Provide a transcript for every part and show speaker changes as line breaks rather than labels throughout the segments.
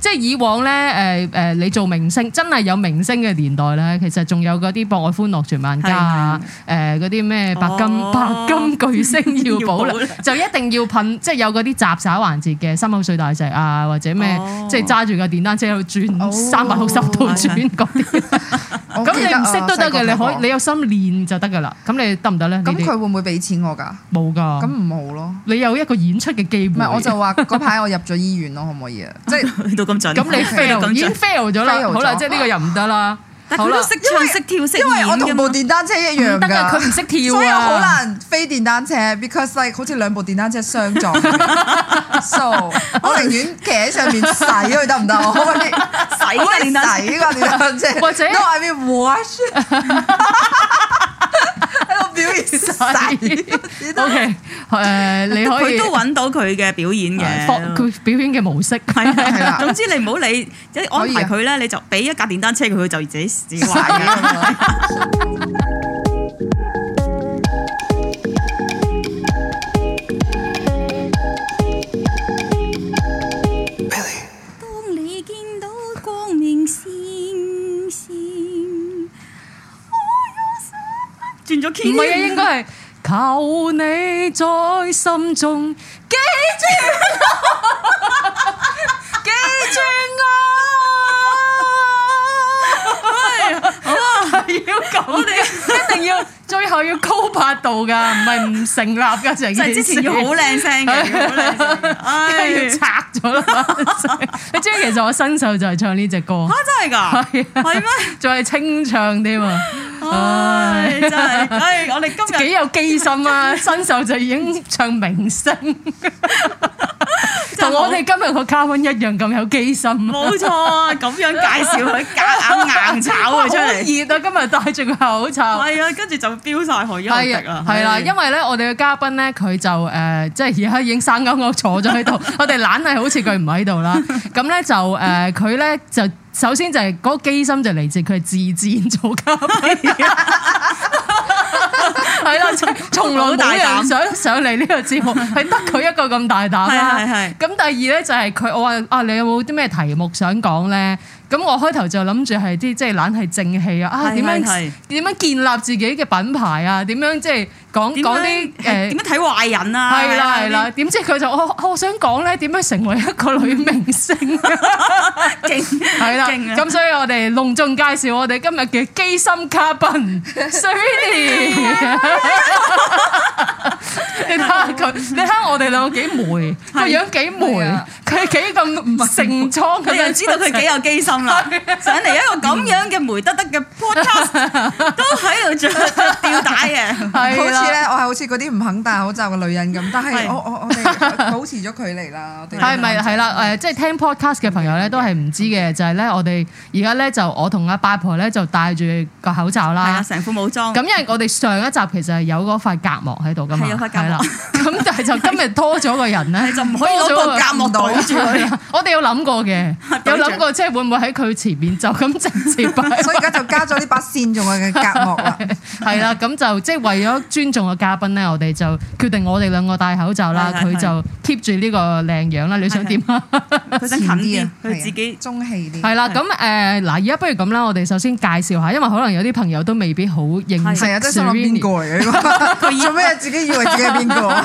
即係以往咧，誒、呃、誒、呃，你做明星真係有明星嘅年代咧，其實仲有嗰啲博愛歡樂傳萬家啊，誒啲咩白金、哦、白金巨星要保啦，就一定要噴，即係有嗰啲雜耍環節嘅心口碎大石啊，或者咩，哦、即係揸住個電單車喺度轉三百六十度轉嗰啲。哦
咁你唔識都得嘅，你可以你有
心練就得噶啦。咁你得唔得咧？咁佢
會唔會俾錢我噶？
冇噶。咁唔好咯。你有一個演出嘅機會？唔係，我就話嗰排我入咗醫院咯，可唔可以啊？即係到咁盡。咁你 fail 已經 fail 咗啦。好啦，即係呢個又唔得啦。因為我同部電單車一樣噶，佢唔識跳。所以好難
飛電單車，because like 好似兩部電單車相撞。
So 我寧願企喺上面洗佢得唔得？洗，洗個
電單車，或者 No，I mean wash。 個表演晒，O K，誒，你可以都搵
到佢嘅表演嘅，佢表演嘅模式係係啦。總之你唔好理，即 以、啊、安排佢咧， 你就俾一架電單車佢，佢 就自己試壞嘅。
唔係啊，應該係求你在心中
記住我， 記住
我。
係係要咁，我哋一定要。最後要高八度噶，唔係唔成立噶。其實之前要好靚聲嘅，跟住要拆咗啦。你知唔知？其實我新秀就係唱呢隻歌。嚇，真係㗎？係咩？仲係清唱添啊！真係，唉！我哋今日幾有機心啊！新秀就已經唱明星，同我哋今日個嘉賓一樣咁有機心。冇錯啊！咁樣介紹佢，夾硬硬炒佢出嚟。熱啊！今日戴住個口罩。係啊，跟住就。丟晒佢，一直啊，係啦，因為咧，我哋嘅嘉賓咧，佢、uh, 就誒，即係而家已經生勾勾坐咗喺度，我哋懶係好似佢唔喺度啦。咁咧就誒，佢咧就首先就係嗰個機心就嚟自佢自薦做嘉賓。係啦，從來冇人想上嚟呢個節目，係得佢一個咁大膽啦。咁第二咧就係佢，我話啊，你有冇啲咩題目想講咧？咁我開頭就諗住係啲即係攬係正氣啊，啊點樣建立自己嘅品牌啊，點樣即係。講講啲誒，點樣睇壞人啊？係啦係啦，點知佢就我我想講咧，點樣成為一個女明星？勁係啦，咁所以我哋隆重介紹我哋今日嘅機心嘉賓 Serrini。
你
睇下佢，你睇下我哋兩個幾霉，個樣幾霉，佢幾咁盛裝，你就知道佢幾有
機心啦。上嚟一個咁樣嘅霉得得嘅 podcast，都喺度着吊帶嘅。係啦。我係
好似嗰啲唔肯戴口罩嘅女人咁，但係我 我哋保持咗距離啦。係咪係啦？誒
即係聽 podcast 嘅朋友咧都係唔知嘅，就係咧我哋而家咧就我同阿八婆咧就戴住個口罩啦。成副武裝。咁因為我哋上一集其實係有嗰塊隔膜喺度㗎嘛。係有塊隔膜。係啦。咁但係就今日拖咗個人咧，就唔可以攞個隔膜堵住佢。我哋有諗過嘅，有諗過即係會唔會喺佢前面就咁直接擺 所以而家就加咗呢把線用嘅隔膜啦。係啦，咁就即係為咗觀眾嘅嘉賓咧，我哋就決定我哋兩個戴口罩啦，佢就 keep 住呢個靚樣啦。你想點啊？佢想近啲，佢自己中氣啲。係啦，咁誒嗱，而家不如咁啦，我哋首先介紹下，因為可能有啲朋友都未必好認識。係啊，真係想諗邊個嘅？佢做咩自己以為自己邊個啊？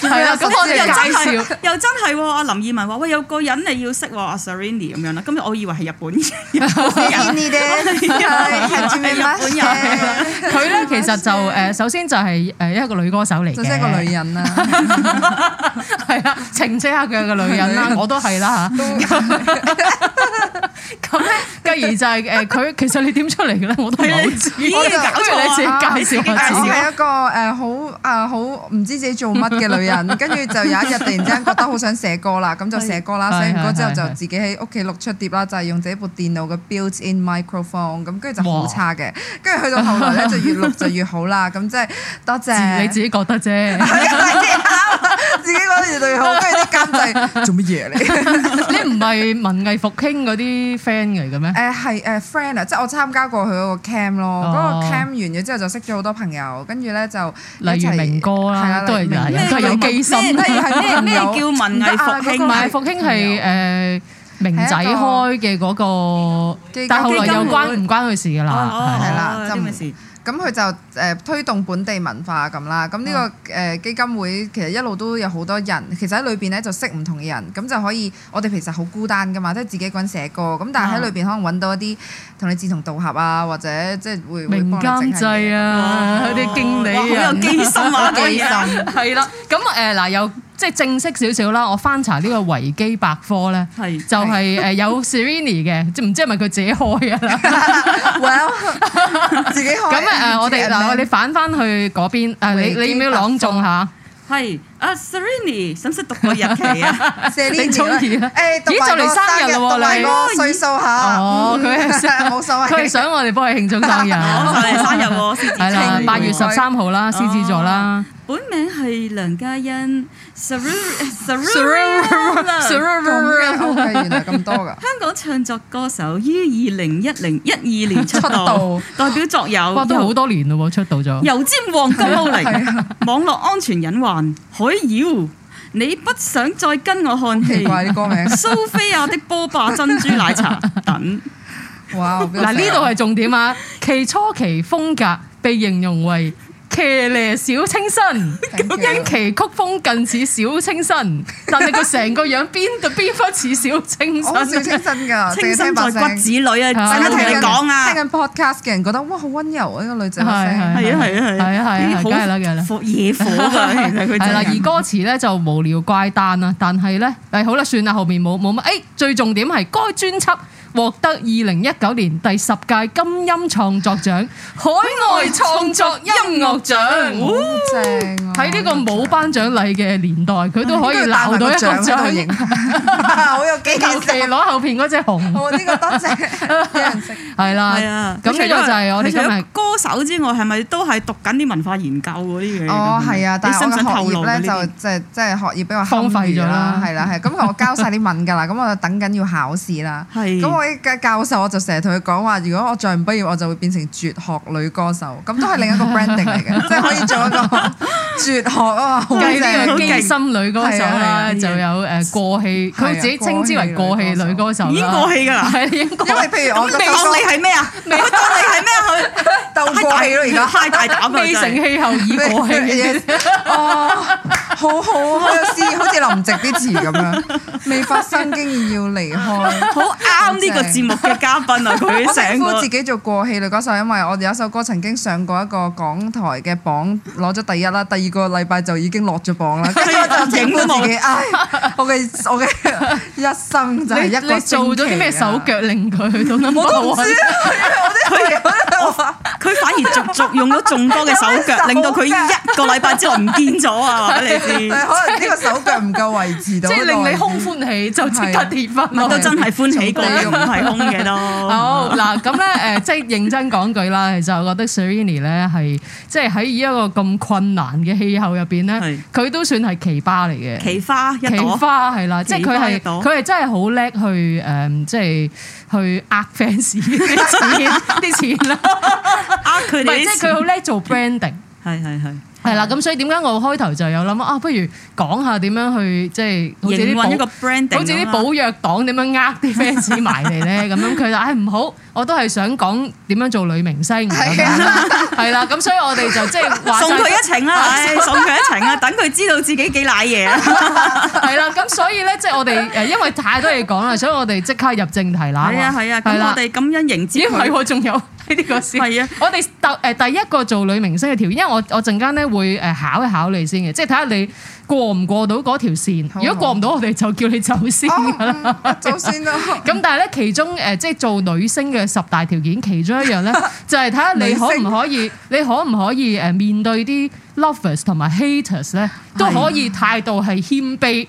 係啊，咁我哋介紹又真係阿林二汶話：喂，有個人嚟要識阿 Serrini 咁樣啦。今日我以為係日本嘅，係咪日本人？係咪日本人？佢咧
其實就。誒，首先就係誒一個女歌手嚟嘅，首先一個女人啦，係啦，澄清下佢係個女人啦，我都係啦嚇。咁咧，繼而就係誒佢其實你點出嚟嘅咧？我都唔係好知。如果搞錯，自己介紹下自己一
個誒好啊好，唔知自己做乜嘅女人，跟住就有一日突然之間覺得好想寫歌啦，咁就寫歌啦，寫完歌之後就自己喺屋企錄出碟啦，就係用自己部電腦嘅 built-in microphone，咁跟住就好差嘅，跟住去到後來咧就越錄就越好啦。咁即係多謝你自己覺得
啫，
自
己覺
得越對越好，跟住啲
監製做乜嘢
嚟？你唔
係文藝復興嗰啲
friend 嚟嘅咩？誒係誒 friend 啊，即係我參加過佢嗰個 camp
咯，嗰個 camp
完咗之後就識咗好多朋友，跟住咧就例如明哥啦，都係都係有機心，係咩咩叫文藝復興？文藝復興係
誒明仔開嘅嗰個，但係後來又關唔關佢事㗎啦？係啦，真咩事？
咁佢就誒推動本地文化咁啦，咁呢個誒基金會其實一路都有好多人，其實喺裏邊咧就識唔同嘅人，咁就可以，我哋其實好孤單噶嘛，即係自己一個人寫歌，咁但係喺裏邊可能揾到一啲同你志同道合啊，或者即係會會幫你整
下嘢啊，有啲經理啊，有機心啊，機心係啦，咁誒嗱有。即係正式少少啦，我翻查呢個維基百科咧，就係誒有 Serrini 嘅，即係唔知係咪佢自己開啊？Well，自己開。咁啊，我哋嗱，我哋返翻去嗰邊，誒，你你要唔要朗誦下？
係啊，Serrini，識唔識讀個日期啊？Serrini，誒，咦，就嚟生日嘞喎，兩個歲數嚇。哦，佢係想，佢係想
我哋幫佢慶祝生日。
係啦，八月十三號啦，獅子座啦。本名係梁嘉茵 okay，原來咁多噶。 香港唱作歌手，於二零一零一二年出道， 出道代表作有。都好多
年嘞出道咗。油尖旺高麗，啊 啊、
網絡安全隱患，海妖，你不想再跟我看戲？怪歌名。 蘇菲亞的波霸珍珠奶茶等
哇。哇！嗱，呢度係重點啊！其初期風格被形容為。 笑12 2 騎咧小清新，因奇曲風近似小清新，但係佢成個樣邊度邊忽似小清新？小清新噶，清新在骨子裏啊！大家聽緊講
啊，聽緊 podcast，嘅人覺得哇，好溫柔啊！呢個女仔係係係啊係啊
係啊，好啦，係啦，火野火
係啦，而歌詞咧就無聊怪誕啊，但係咧誒，好啦，算啦，後面冇冇乜，誒，最重點係該專輯。獲得二零一九年第十屆金音創作獎海外創作音樂獎，好正！喺呢個冇頒獎禮嘅年代，佢都可以撈到一個獎。我有幾件，你攞後邊嗰隻熊。我呢個多謝。係啦，係啊。咁除咗就係我哋係
歌手之外，係咪都係讀緊啲文化研究嗰啲嘢？哦，係啊。但係你身信透露咧，就
即係即係學業比較荒廢咗啦。係啦，係。咁我交晒啲文㗎啦，咁我就等緊要考試啦。係。咁我。教授我就成日同佢講話。如果我再唔畢業，我就會變成絕
學女歌手，
咁都係另一個 branding 嚟嘅，即係可以做一
個絕學啊，計呢個機心女歌手啦，就有誒過氣，佢自己稱之為過氣女歌手啦。已經過氣㗎，係已經過氣。因為譬如我當你係咩啊？我當你係咩啊？斗過氣咯，而家嗨大膽未成氣候已
過氣嘅嘢。哦，好好，好似林夕啲詞咁樣，未發生，竟然要離
開好啱啲。呢個節目嘅嘉賓啊，我想自己
做過氣女歌手，因為我哋有首歌曾經上過一個港台嘅榜，攞咗第一啦。第二個禮拜就已經落咗榜啦。所以就影到自己，唉！我嘅我嘅一生就係
一個。你做咗啲咩手腳令佢？我冇講話。佢
佢反而續續用咗眾多嘅手腳，令到佢一個禮拜之後唔見咗啊！話俾你知。可能呢個手
腳唔夠位置到。即係令你空歡喜，就即刻結婚啊！都真係歡喜過。係空嘅咯。好嗱，咁咧，誒，即係認真講句啦。其實我覺得 Serrini 咧係，即係喺依一個咁困難嘅氣候入邊咧，佢都算係奇葩嚟嘅。奇葩，奇葩係啦，即係佢係佢係真係好叻去誒，即係去呃 fans 啲錢，啲錢啦，呃佢哋。即係佢好叻做 branding，係係係。係啦，咁所以點解我開頭就有諗啊？不如講下點樣去即係好似啲保，好似啲保約黨點樣呃啲 fans 埋嚟咧？咁樣佢就唉唔好，我都係想講點樣做女明星。係啦的、啊，係啦，咁所以我哋就即係送佢一程啦、啊，送佢一程啊！ 等佢知道自己幾賴嘢。係啦，咁所以咧，即係我哋誒，因為太多嘢講啦，所以我哋即刻入正題啦。係啊，係啊，咁我哋
感恩迎接佢。咦、 哎？我仲有。
呢啲個先係啊！我哋第誒第一個做女明星嘅條件，因為我我陣間咧會誒考一考你先嘅，即係睇下你過唔過到嗰條線。好好，如果過唔到，我哋就叫你走先走先啦。咁好 但係咧，其中誒即係做女星嘅十大條件，其中一樣咧就係睇下你可唔可以， 性你可唔可以誒面對啲 lovers 同埋 haters 咧，都可以態度係謙卑。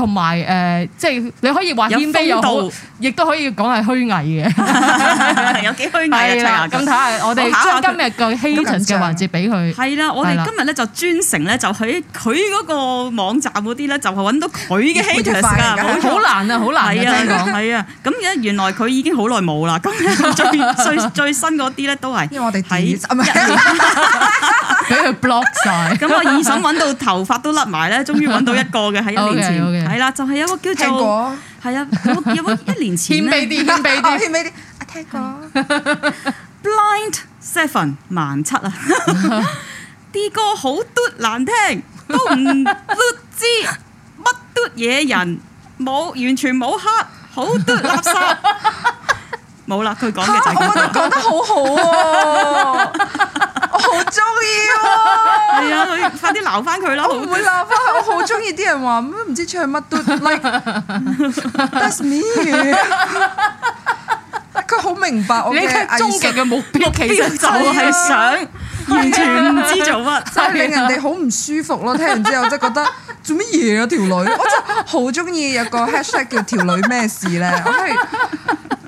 同埋誒，即係你可以話謙卑又好，亦都可以講係虛偽嘅，有幾
虛偽啊？咁睇下我哋將今日嘅 Haters 嘅環節
俾佢。係啦，我哋今
日咧就專程咧就喺佢嗰個網站嗰啲咧就係揾到佢嘅 Haters 噶，好難啊，好難啊！聽講係啊，咁嘅原來佢已經好耐冇啦，咁最最最新嗰啲咧都係因為我哋睇。
俾佢 block 曬。
咁 我二嬸揾到頭髮都甩埋咧，終於揾到一個嘅喺一年前。係啦 Okay, okay.，就係、是、有個叫做係啊過，有冇一,一年前？錢幣店，錢幣店，我聽過。 Blind Seven 萬七啊！啲 歌好嘟難聽，都唔嘟知乜嘟嘢人，冇完全冇黑，好嘟垃圾。冇啦，佢講嘅就係咁。我覺得講得好好我好中意喎。係啊，你快啲鬧翻佢啦！唔會
鬧翻，我好中意啲人話唔知唱乜都。
like That's me。
佢好明白我嘅藝術嘅目標， 目標，其實就係想完全唔知做乜，就係、是、令人哋好唔舒服咯。聽完之後即係覺得做乜嘢啊條女？ 我真係好中意有個 hashtag 叫條女咩 事咧。我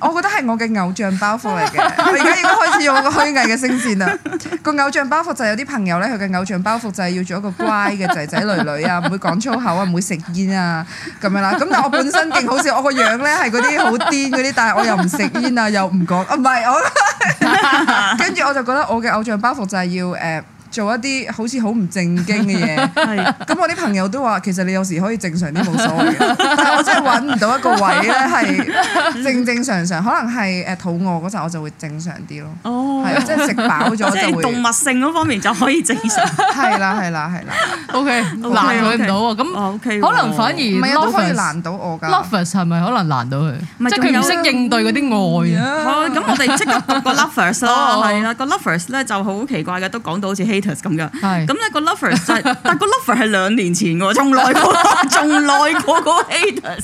我覺得係我嘅偶像包袱嚟嘅，我而家要開始用我個虛偽嘅聲線啦。個偶像包袱就係有啲朋友咧，佢嘅偶像包袱就係要做一個乖嘅仔仔女女啊，唔會講粗口啊，唔會食煙啊咁樣啦。咁但係我本身勁好笑，我個樣咧係嗰啲好癲嗰啲，但係我又唔食煙啊，又唔講，唔、啊、係我，跟 住我就覺得我嘅偶像包袱就係要誒。呃做一啲好似好唔正經嘅嘢，咁我啲朋友都話，其實你有時可以正常啲冇所謂，但係我真係揾唔到一個位咧係正正常常，可能係誒肚餓嗰陣我就會正常啲咯，係啊，即係食
飽咗就會動物性嗰方面就可以正常，係啦係啦係啦，OK 難佢唔到
啊，咁可能反而都可以難到我噶，Lovers 係咪可能難到佢？即係佢唔識應對嗰啲愛啊？咁我哋即刻讀個
Lovers 咯，係啦，個 Lovers 咧就好奇怪嘅，都講到好似希。咁噶，係咁咧個 lover 就係，但個 lover 係兩年前噶，從來冇，從來冇個 hater，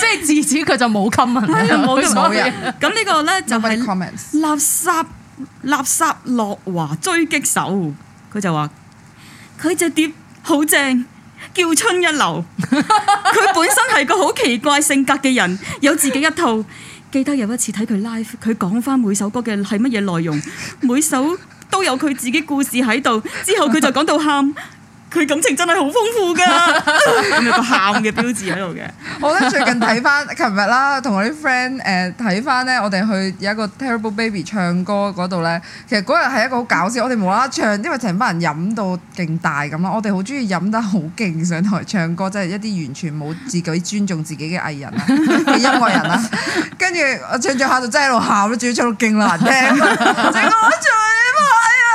即係自此佢就冇 comment，冇嘅。咁呢個咧就係垃圾垃圾樂華追擊手，佢就話佢隻碟好正，叫春一流。佢本身係個好奇怪性格嘅人，有自己一套。記得有一次睇佢 live，佢講翻每首歌嘅係乜嘢內容，每首，都有佢自己故事喺度，之後佢就講到喊。 佢感情真係好豐富㗎，有個喊嘅標誌喺度嘅。我咧最近睇
翻，琴日啦，同我啲 friend 誒睇翻咧，呃、我哋去有一個 Terrible Baby 唱歌嗰度咧。其實嗰日係一個好搞笑，我哋無啦啦唱，因為成班人飲到勁大咁啦，我哋好中意飲得好勁上台唱歌，即係一啲完全冇自己尊重自己嘅藝人嘅音樂人啊。跟住我唱著下就真係喺度喊啦，仲要唱到勁難聽，剩我最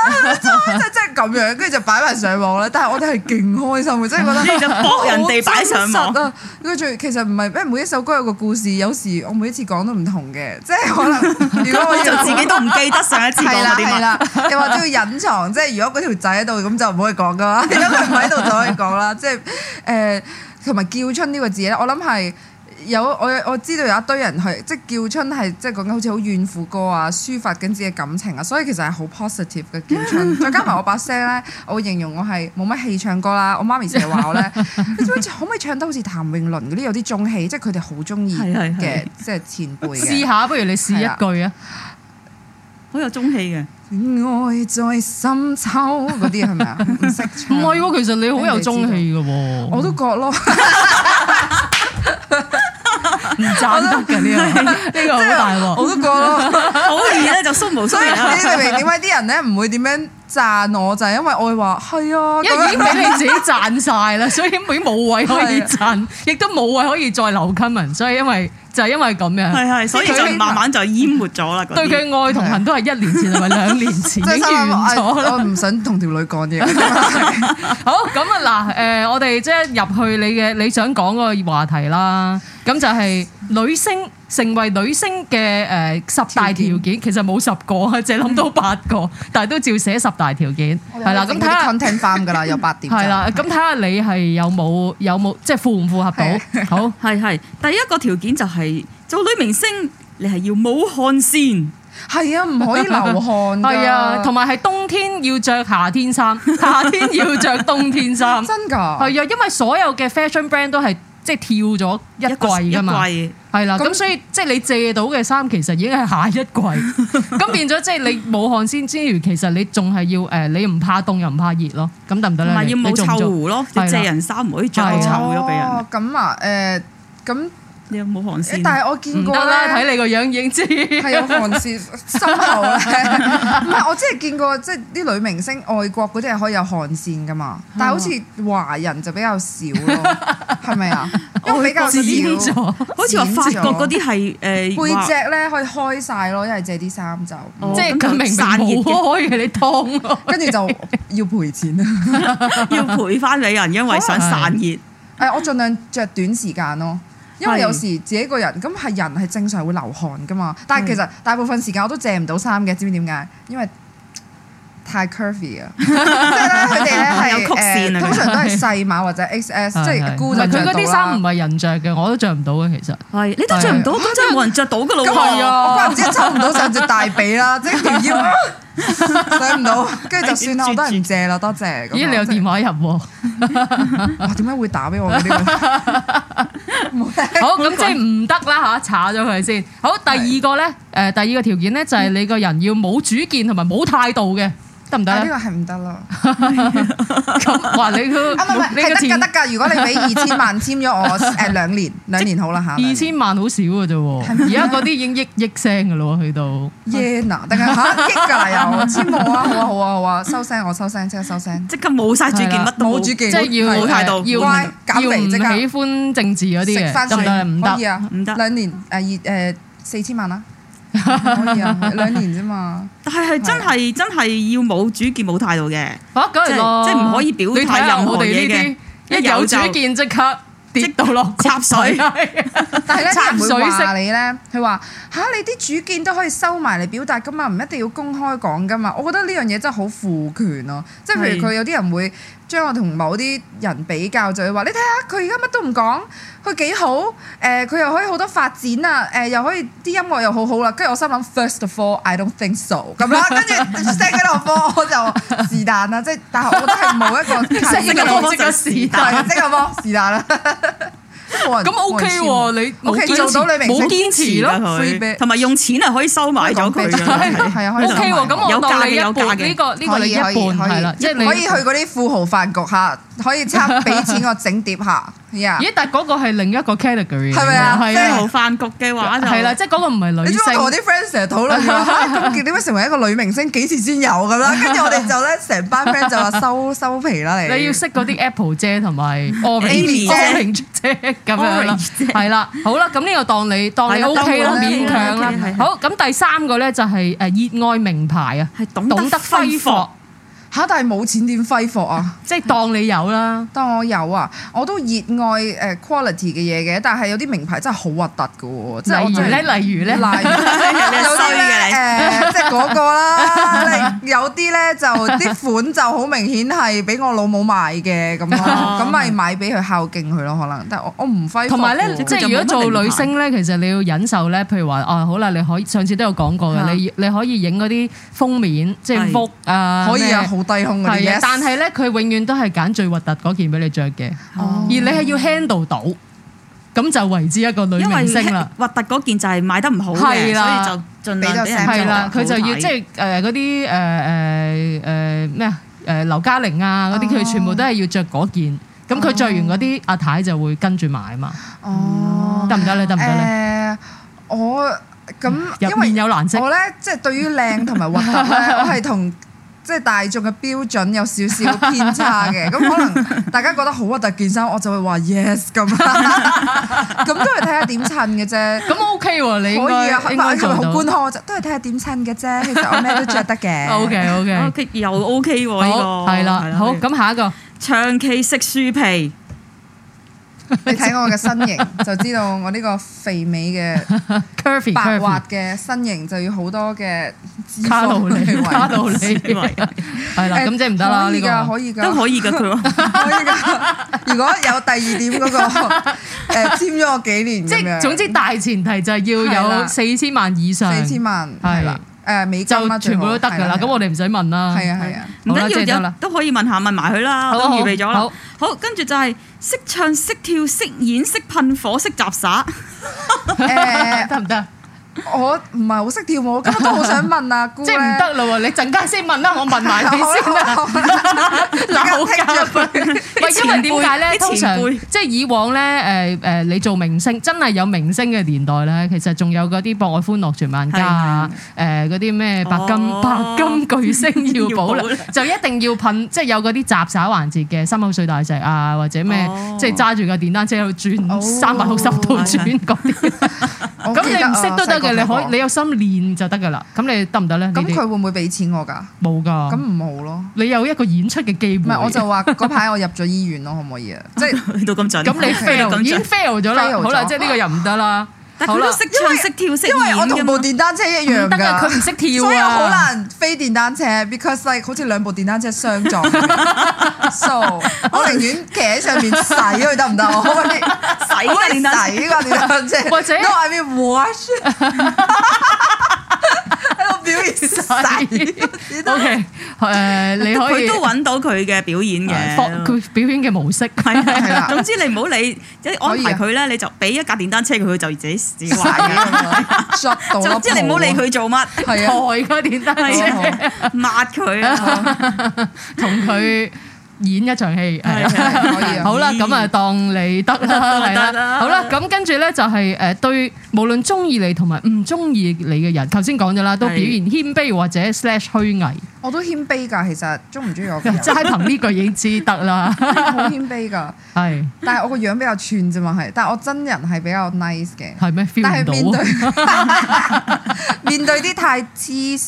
即係即係咁樣，跟住就擺埋上網咧。但係我哋係勁開心，嘅，即係覺得。人哋擺上網啊！跟住 其實唔係咩，每一首歌有個故事，有時我每一次講都唔同嘅，即係可能如果我哋自己都唔記得上一次講嗰啲嘢，又 或者要隱藏。即係如果嗰條仔喺度，咁就唔可以講噶啦。佢唔喺度就可以講啦。即係誒，同、呃、埋叫春呢個字咧，我諗係。有我我知道有一堆人去，即係叫春係即係講緊好似好怨婦歌啊，抒發緊自己感情啊，所以其實係好 positive 嘅叫春。再加埋我把聲咧，我形容我係冇乜氣唱歌啦。我媽咪成日話我咧， 可唔可以唱得好似譚詠麟嗰啲有啲中氣？即係佢哋好中意嘅即係
前輩。係係係係，試下，不如你試一句啊，
好有中氣嘅。愛在深秋嗰啲係咪啊？
唔係喎，其實你好有中氣嘅
喎，
我都覺咯。 唔讚得嘅呢個呢個，好是樣大個我都過咯， 所以咧就心無鬆、啊、所以。你明點解啲人咧唔會點樣讚我？就係、是、因為我會話係啊，因為已經俾你自己
讚晒啦， 所以已經冇位可以讚，亦都冇位可以再留 comment，所以因為。就係因為咁嘅，係係，所以就慢慢
就淹沒咗啦。對佢嘅愛同恨
都係一年前啊，或者兩年前已經完咗啦。我
唔想同條女講嘢。
好，咁啊嗱，誒，我哋即係入去你嘅你想講嗰個話題啦。咁就係女星成為女星嘅誒十大條件，其實冇十個，凈係諗到八個，但係都照寫十大條件係啦。咁睇下 content 翻㗎啦，有八點係啦。咁睇下你係有冇有冇即係符唔符合到？好，係係第一個條件就係。係做女
明星，你係要冇汗先係啊，唔可以流汗。係啊，同
埋係冬天要着夏天衫，夏天要着冬天衫。真噶係啊，因為所有嘅 fashion brand 都係即係跳咗一季噶嘛，係啦。咁所以即係你借到嘅衫，其實已經係下一季。咁變咗即係你冇汗先之餘其實你仲係要誒，你唔怕凍又唔怕熱咯。咁得唔得咧？唔係要冇臭狐咯，你借人衫唔可以再臭咗俾人。
哦咁啊，誒咁。你有冇汗腺？但係我見過呢，唔得啦！睇你個
樣已經知。係有汗腺深厚啦。唔係，
我真係見過，即係啲女明星外國嗰啲係可以有汗腺㗎嘛，但係好似華人就比較
少咯，係咪啊？因為比較少。好似話法國嗰啲係誒背脊
咧可以開晒咯，因為借啲衫就即係明散熱，可以
你劏，跟住就要賠錢啦，要賠翻俾人，因為想
散熱。誒，我盡量着短時間咯。因為有時自己一個人，咁係人係正常會流汗噶嘛，但係其實大部分時間我都借唔到衫嘅，知唔知點解？因為太 curvy 啊，即係咧佢哋係有曲線，通常都係細碼或者 XS，即係估咗佢啲衫
唔係人着嘅，我都着唔到嘅其實。
你都着唔到，真冇人着到
噶咯喎！我怪唔知，着唔到上隻大髀啦，即係條腰，上
唔到，跟住就算啦，我都唔借啦，多謝。咦？你有電話入？哇，
點解會打俾我？啲？
好，咁即係唔
得啦，吓，炒咗佢先。好，第二個呢，誒，是的 第二個條件呢就係、是、你個人要冇主見同埋冇態度嘅。得唔得呢，個係唔得咯。咁
話你個啊，唔係，係得㗎得㗎。如果你俾二千萬簽咗我，誒兩
年兩年好啦嚇。二千萬好少㗎啫喎。而家嗰啲已經億億聲嘅咯喎，去到 yen 啊，定係嚇億㗎又，簽我啊，好啊好
啊，話收聲我收聲，即刻收聲，即刻冇晒主見，乜都冇主見，即係要態度，要乖，要唔喜
歡政治嗰啲嘅，唔得唔得，唔
得，兩年誒二誒四千萬啦。可以啊，兩年
啫嘛。
但係係真係真係要冇主見冇態度嘅。啊，即係唔可以表達任何嘢嘅。看看一有
主
見即就刻跌到落插水。
但係咧呢，插水話你咧，佢話吓你啲主見都可以收埋嚟表達㗎嘛，唔一定要公開講㗎嘛。我覺得呢樣嘢真係好負權咯。即係譬如佢有啲人會將我同某啲人比較，就會話你睇下佢而家乜都唔講，佢幾好？誒、呃，佢又可以好多發展啊！誒、呃，又可以啲音樂又好好啦。跟住我心諗，first of all I don't think so 咁啦。跟住 second of all 我就是但但是但啦，即係但係我得係冇一個睇嘅。咁我係講是但，即係咁咯，是但啦。 咁 OK 喎，你 OK 到你明，好堅持咯，
同埋用錢係可以收買咗佢，OK 咁我當你一半，
呢個呢個嘢可以，可以去
嗰啲富豪飯局吓。可以
拆俾錢我
整碟下，依家咦？但嗰個係另一個 category，係咪啊？即係飯局嘅話就係啦，即係嗰個唔係女星。我啲 friend 成日討論，咁點
解成為一個女明星幾時先有噶啦？跟住我哋就
咧成班 friend 就話收收皮啦。你要識嗰啲 Apple 姐同埋哦，Amy 姐咁樣啦，係啦，好啦，咁呢個當你當你 OK 咯，勉強啦。好，咁第三個咧就係誒熱愛名牌啊，係懂得揮霍。嚇！但係冇錢點揮霍啊？即係當你有啦，當我有啊！
我都熱愛誒 quality 嘅嘢嘅，但係有啲名牌真係好核突㗎喎！例如咧，例如咧，誒，即係嗰個啦， 有啲咧就啲款就好明顯係俾我老母買嘅咁，咁咪 買俾佢孝敬佢咯。可能，但係我我唔揮霍啊。同埋咧，即係如果做女星
咧，其實你要忍受咧，譬如話哦、啊，好啦，你可以上次都有講過嘅，你你可以影嗰啲封面，即係啊，可以啊。係啊，但係咧，佢永遠都係揀最核突嗰件俾你着嘅，而你係要 handle 到，咁就為之一個女明星啦。核突嗰件就係賣得唔好嘅，所以就盡量俾人着啦。佢就要即係誒嗰啲誒誒誒咩啊？誒劉嘉玲啊嗰啲，佢全部都係要着嗰件。咁佢着完嗰啲阿太就會跟住買嘛。
哦，得唔得咧？得唔得咧？我咁因為
我咧，即係對於靚同埋核突咧，我係
同。即係大眾嘅標準有少少偏差嘅，咁 可能大家覺得好核突件衫，我就會話 yes 咁，咁 都係睇下點襯嘅啫。咁 OK 喎、啊，你應該應該可以啊，係咪好官腔啫， 都係睇下點襯嘅啫。其實我咩都着得嘅。 OK okay.
OK，又 OK 喎、啊、呢 好、這個。了了好，係啦了，好，咁好下一個唱 K 食樹皮。
你睇我嘅身形，就知道我呢個肥美嘅、
Curvy, Curvy. 白滑
嘅身形就要好多嘅脂肪嚟維持埋。卡路里。
卡路里。係啦，咁即係唔得啦呢個都可以㗎，可以㗎佢。可以㗎，如果有第二點嗰、嗰個誒，佔、呃、咗我幾年。即係總之大前提就係要有四千萬以上。四千萬係啦。就全部都得㗎啦，咁我哋唔使問啦。係啊係啊，唔緊要，有
都可以問下問埋佢啦。我好都預備咗啦。好，跟住就係、係、好識唱、識跳、識演、識噴火、識雜耍。誒得唔得？ 行
我唔係好識跳舞，咁都好想問啊！即係唔得啦喎！
你陣間先問啦，
我
問埋你先啦。好，聽著，唔係因為點解咧？通常即係以往咧，誒誒，你做明星，真係有明星嘅年代咧，其實仲有嗰啲博愛歡樂傳萬家，誒嗰啲咩白金白金巨星要保留，就一定要噴，即係有嗰啲雜耍環節嘅胸口碎大石啊，或者咩即係揸住架電單車去轉三百六十度轉嗰啲。
咁你唔識都得。你可以，你
有心練就得噶啦。咁你得唔得咧？咁佢會唔會俾錢我噶？冇噶的。咁唔好咯。你有一個演出嘅機會。唔係，我就話嗰排我入咗醫院咯，可唔可以啊？ 即係到咁盡。咁 你 fail， 已經 fail 咗啦。 好啦，即係呢個又唔得啦。佢都識唱、識
跳、識演咁樣。因為我同部電單車一樣㗎，佢唔識跳啊，所以我好難飛電單車，because like, 好似兩部電單車相撞。
So 我寧願
騎喺上面洗佢得唔得？洗部電單車，或者 no，I
mean wash。
表演晒，OK，誒，你可以佢都揾
到佢嘅表演嘅，佢表演嘅模式係啦。總之你唔好理安排佢咧，你就俾一架電單車佢，就自己展
壞嘅，總之你唔好理佢做乜，台個電單車抹佢，同佢演一場戲。可以，好啦，咁啊，當你得啦，得啦，好啦，咁跟住咧就係誒對。無論中意你同埋唔中意你嘅人，頭先講咗啦，都表現謙卑或者 slash 虛偽。
我都謙卑㗎，其實中唔中意我嘅人？齋 憑呢
句已經知得啦。好
謙卑㗎，係是。但係我個樣比較串啫嘛，係。但係我真人係比較 nice 嘅。係咩嗎？但係面對
面對
啲太黐黐心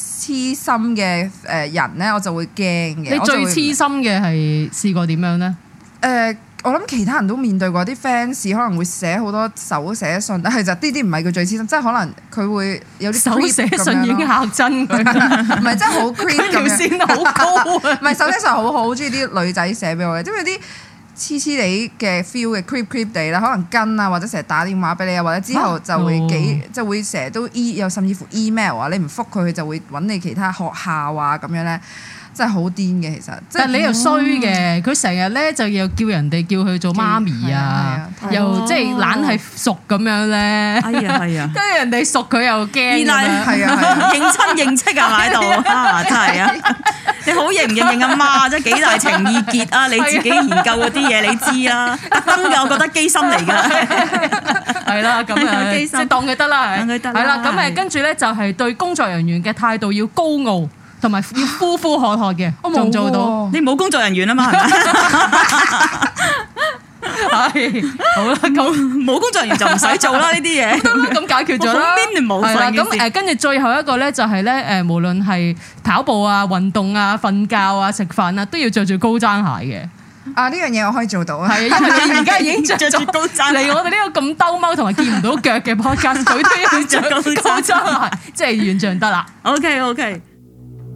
嘅誒人咧，我就會驚嘅。你最黐
心嘅係試過點樣咧？
誒、呃。我諗其他人都面對過啲 fans 可能會寫好多手寫信，但係就呢啲唔係佢最黐身，即係可能佢會有啲手寫信影合真，唔係 真係好 creep 咁樣，條線好高， 唔係手寫信好好，中意啲女仔寫俾我嘅，因為啲黐黐地嘅 feel 嘅 creep creep 地啦，可能跟啊，或者成日打電話俾你啊，或者之後就會幾即係會成日都 e 有甚至乎 email 啊，你唔覆佢，佢就會揾你其他學校啊咁樣咧。真係好癲嘅，其實。但你又衰嘅，
佢成日咧就又叫人哋叫佢做媽咪啊，又即係懶係熟咁樣咧。哎呀，係啊。跟住人哋熟佢又驚。原來係啊，認
親認戚啊，喺度啊，真係啊。你好認唔認認阿媽啊？即係幾大情意結啊？你自己研究嗰啲嘢，你知啦。特登嘅，我覺得機心嚟㗎。
係啦，咁樣。當佢得啦，係啦，咁誒，跟住咧就係對工作人員嘅態度要高傲。同埋要呼呼喝喝嘅，做唔做到？
你冇工作人員啊嘛？係咪，
好啦，咁冇工作人員就唔使做啦呢啲嘢，得啦，咁解決咗啦。係啦，咁誒，跟住最後一個咧就係咧，誒，無論係跑步啊、運動啊、瞓覺啊、食飯啊，都要着住高踭鞋嘅。
啊，呢樣嘢我可以做到啊！係啊，因為而家已經着住高
踭嚟，我哋呢個咁兜踎同埋見唔到腳嘅 podcast，佢都要着高踭鞋，即係完全得啦。OK，OK。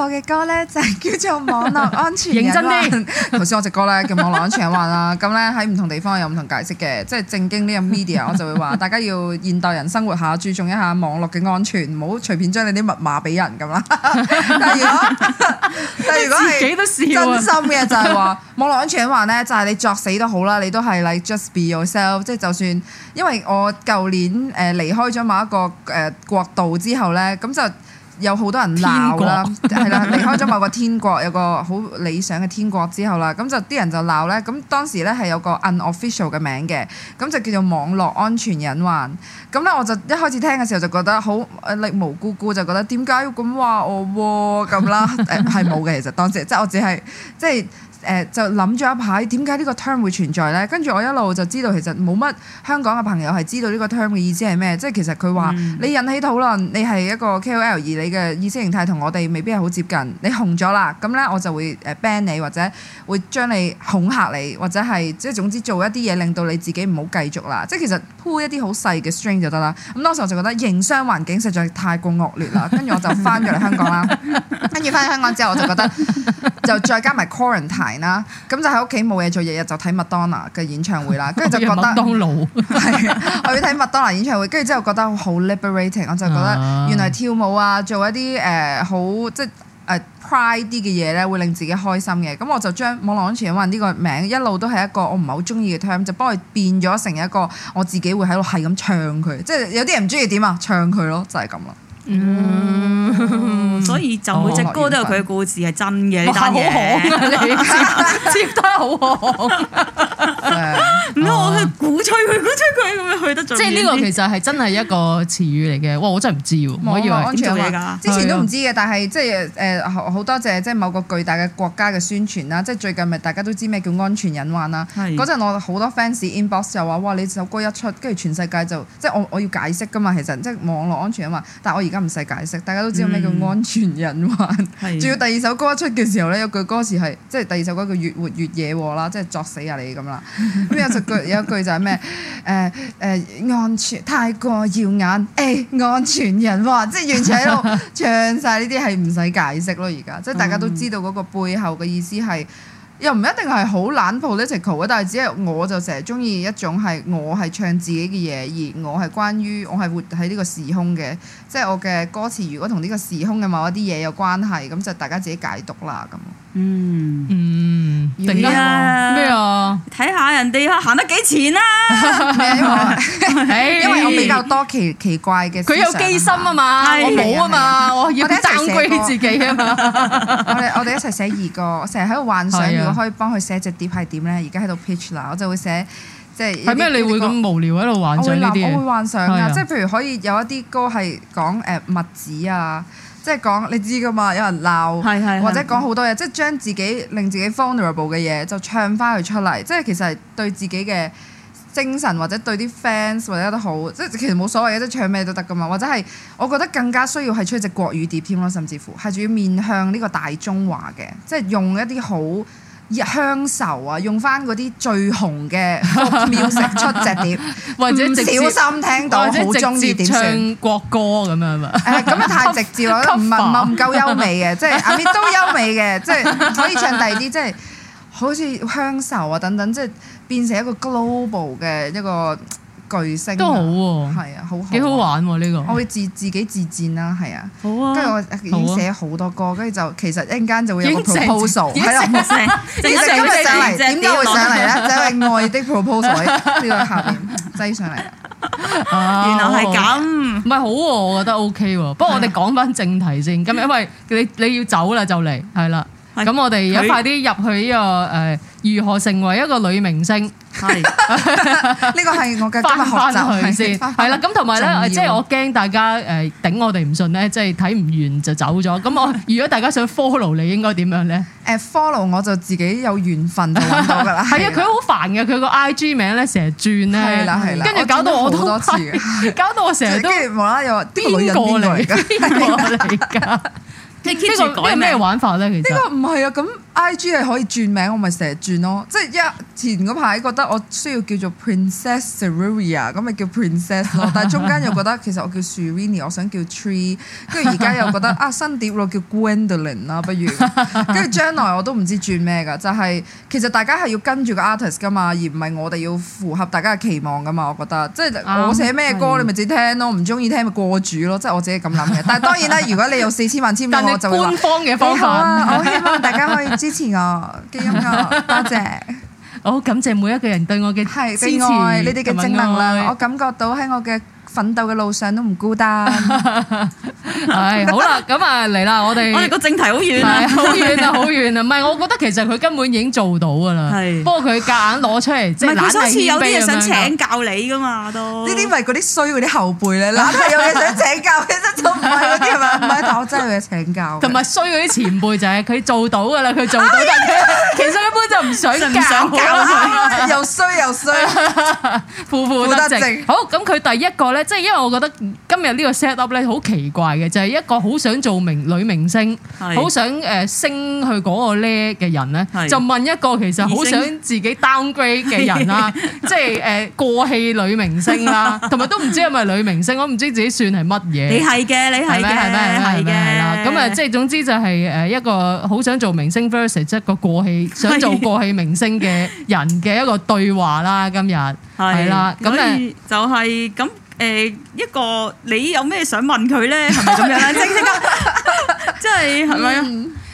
我嘅歌
咧就係、是、叫做網絡安全。認真啲，頭先我隻歌咧叫網絡安全隱患啦。咁咧喺唔同地方有唔同解釋嘅，即係正經呢個 media，我就會話大家要現代人生活下，注重一下網絡嘅安全，唔好隨便將你啲密碼俾人咁啦。 但係如果， 但係如果係幾多真心嘅就係、是、話網絡安全隱患咧，就係、是、你作死都好啦，你都係 like just be yourself。即係就算，因為我舊年誒離開咗某一個誒國度之後咧，咁就。有好多人鬧啦，係啦天國， 離開咗某個天國，有個好理想嘅天國之後啦，咁就啲人就鬧咧。咁當時咧係有個 unofficial 嘅名嘅，咁就叫做網絡安全隱患。咁咧我就一開始聽嘅時候就覺得好力無辜辜，辜辜，就覺得點解要咁話我咁、啊、啦？誒係冇嘅，其實當時即係我只係即係。誒、呃、就諗咗一排，點解呢個 term 會存在咧？跟住我一路就知道其實冇乜香港嘅朋友係知道呢個 term 嘅意思係咩，即係其實佢話、嗯、你引起討論，你係一個 KOL，而你嘅意識形態同我哋未必係好接近。你紅咗啦，咁咧我就會誒 ban 你或者會將你恐嚇你或者係即係總之做一啲嘢令到你自己唔好繼續啦。即係其實鋪一啲好細嘅 string 就得啦。咁當時我就覺得營商環境實在太過惡劣啦。跟住我就翻咗嚟香港啦。跟住翻去香港之後我就覺得就再加埋 quarantine 啦，咁就喺屋企冇嘢做，日日就睇麥當娜嘅演唱會啦，跟住就覺得麥當勞，係啊，我要睇麥當娜演唱會，跟住之後覺得好 liberating，我就覺得原來跳舞啊，做一啲誒好即係誒 pride 啲嘅嘢咧，會令自己開心嘅。咁我就將網絡安全隱患，呢個名一路都係一個我唔係好中意嘅 term，就幫佢變咗成一個我自己會喺度係咁唱佢，即係有啲人唔中意點啊，唱佢咯，就係咁啦。
所以就每隻歌都有佢嘅故事，係、哦、真嘅。但係好可你接得好可。唔好、 嗯、鼓吹佢，
鼓吹佢咁樣去得。即係呢個其實係真係一個詞語嚟嘅。哇！我真係唔知喎，唔可以話安全啊。之前都唔知
嘅，但係即係誒好多謝即係某個巨大嘅國家嘅宣傳啦。即、就、係、是、最近咪大家都知咩叫安全隱患啦。嗰陣的我好多 fans inbox 又話：哇！你首歌一出，跟住全世界就即係我我要解釋㗎嘛。其實即係網絡安全啊嘛。但係我而家唔使解釋，大家都知道咩叫安全。全、嗯全隱患，仲要是的 第二首歌一出嘅時候咧，有句歌詞係，即係第二首歌叫越活越惹禍喎啦，即係作死啊你咁啦。咁有句有一句就係咩誒誒安全，太過耀眼，誒、欸、安全隱患，即係完全喺度 唱晒呢啲係唔使解釋咯，而家即係大家都知道嗰個背後嘅意思係。又唔一定係好冷 political, 但係只係我就成日中意一種係我係唱自己嘅嘢，而我係關於我係活喺呢個時空嘅，即係我嘅歌詞如果同呢個時空嘅某一啲嘢有關係，咁就大家自己解讀啦咁。
嗯嗯，定啦咩啊？睇下人哋行得幾前啊？因為我比較
多奇奇怪
嘅，佢有機心啊嘛，我冇
啊嘛，我要讚貴自己啊嘛！我哋我哋一齊寫兒歌，我成日喺度幻想，的如果可以幫佢寫隻碟係點咧？而家喺度 pitch 啦，我就，pitch，我就會寫即係。係、就、咩、是？你會咁
無聊喺度幻想我會，我會幻想啊！即係的
譬如可以有一啲歌係講誒墨子啊。即係講你知噶嘛，有人鬧，是是是或者講好多嘢，即係將自己令自己 vulnerable 嘅嘢就唱翻佢出嚟，即係其實對自己嘅精神或者對啲 fans 或者都好，即係其實冇所謂嘅，即係唱咩都得噶嘛。或者係我覺得更加需要係出隻國語碟添咯，甚至乎係主要面向呢個大中華嘅，即係用一啲好。鄉愁啊，用翻嗰啲最紅嘅《國謠 》食出隻碟，或者小心聽到，好中意點算？唱
國歌咁 樣啊嘛？誒，咁啊
太直接，我覺得唔係唔係唔夠優美嘅， 即係阿 V 都優美嘅， 即係可以唱第二啲，即係好似鄉愁啊等等，即係變成一個 global 嘅一個，一個巨星都好喎，係啊，好幾好玩喎呢個。我會自自己自薦啦，係啊，跟住我已經寫好多歌，跟住就其實一陣間就會有個 proposal 喺嚟，點解會上嚟咧？就係愛的 proposal 呢個下邊擠上嚟。
原來係咁，唔係好喎，我覺得 OK 不過我哋講翻正題先，咁因為你你要走啦就嚟係啦，咁我哋快啲入去呢個誒，如何成為一個女明星？
係呢個係我嘅今日學習先係啦，咁同埋咧，即係我
驚大家誒頂我哋唔順咧，即係睇唔完就走咗。咁我如果大家想 follow 你，應該點樣咧？誒，follow 我就自己有緣分到噶啦。係啊，佢好煩嘅，佢個 IG 名咧成日轉咧，係啦係啦，跟住搞到我好多次，搞到我成日都無啦又話邊個嚟
噶？邊個嚟噶？呢個係咩玩法咧？其實呢個唔係啊咁。I.G 係可以轉名，我咪成日轉咯，即係一前嗰排覺得我需要叫做 Princess Seruria，咁咪叫 Princess 咯。但係中間又覺得其實我叫 Serrini，我想叫 Tree。跟住而家又覺得啊新碟咯，叫 Gwendoline 啦，不如。跟住將來我都唔知轉咩㗎，就係、是、其實大家係要跟住個 artist 㗎嘛，而唔係我哋要符合大家嘅期望㗎嘛。我覺得即係我寫咩歌你咪自己聽咯，唔中意聽咪過主咯，即係我自己咁諗嘅。但係當然啦，如果你有四千萬簽約，我就會官方嘅方向。我希望大家可以知。支持我嘅
音樂，多謝。好 感謝每一個人對我嘅是支持，你哋嘅正能量，愛我
感覺到喺我嘅。奮鬥嘅路上都唔孤單，
係好啦，咁啊嚟啦，我哋我哋個正題好遠，係好遠啊，好遠啊，唔係我覺得其實佢根本已經做到噶啦，係。不過佢夾硬攞出嚟，即係冷靜。有啲嘢想請教
你噶嘛，都呢啲
咪嗰啲衰嗰啲後輩咧，哪得有嘢想請教？其實都唔係嗰啲啊，唔係，但我真係
有請教。
同埋衰嗰啲前輩就係佢做到噶啦，佢做到嘅，其實一般就唔想教，又衰又衰，負負得正。好，咁佢第一個咧。即係，因為我覺得今日呢個 set up 咧好奇怪嘅，就係一個好想做明女明星，好想誒升去嗰個咧嘅人咧，就問一個其實好想自己 downgrade 嘅人啦，即係誒過氣女明星啦，同埋都唔知係咪女明星，我唔知自己算係乜嘢。你係嘅，你係嘅，係咩係咩？係啦，咁啊，即係總之就係誒一個好想做明星 versus 一個過氣想做過氣明星嘅人嘅一個對話啦。今日係啦，咁誒，
就係咁。誒一個你有咩想問佢咧？係咪咁樣，即
係係咪啊？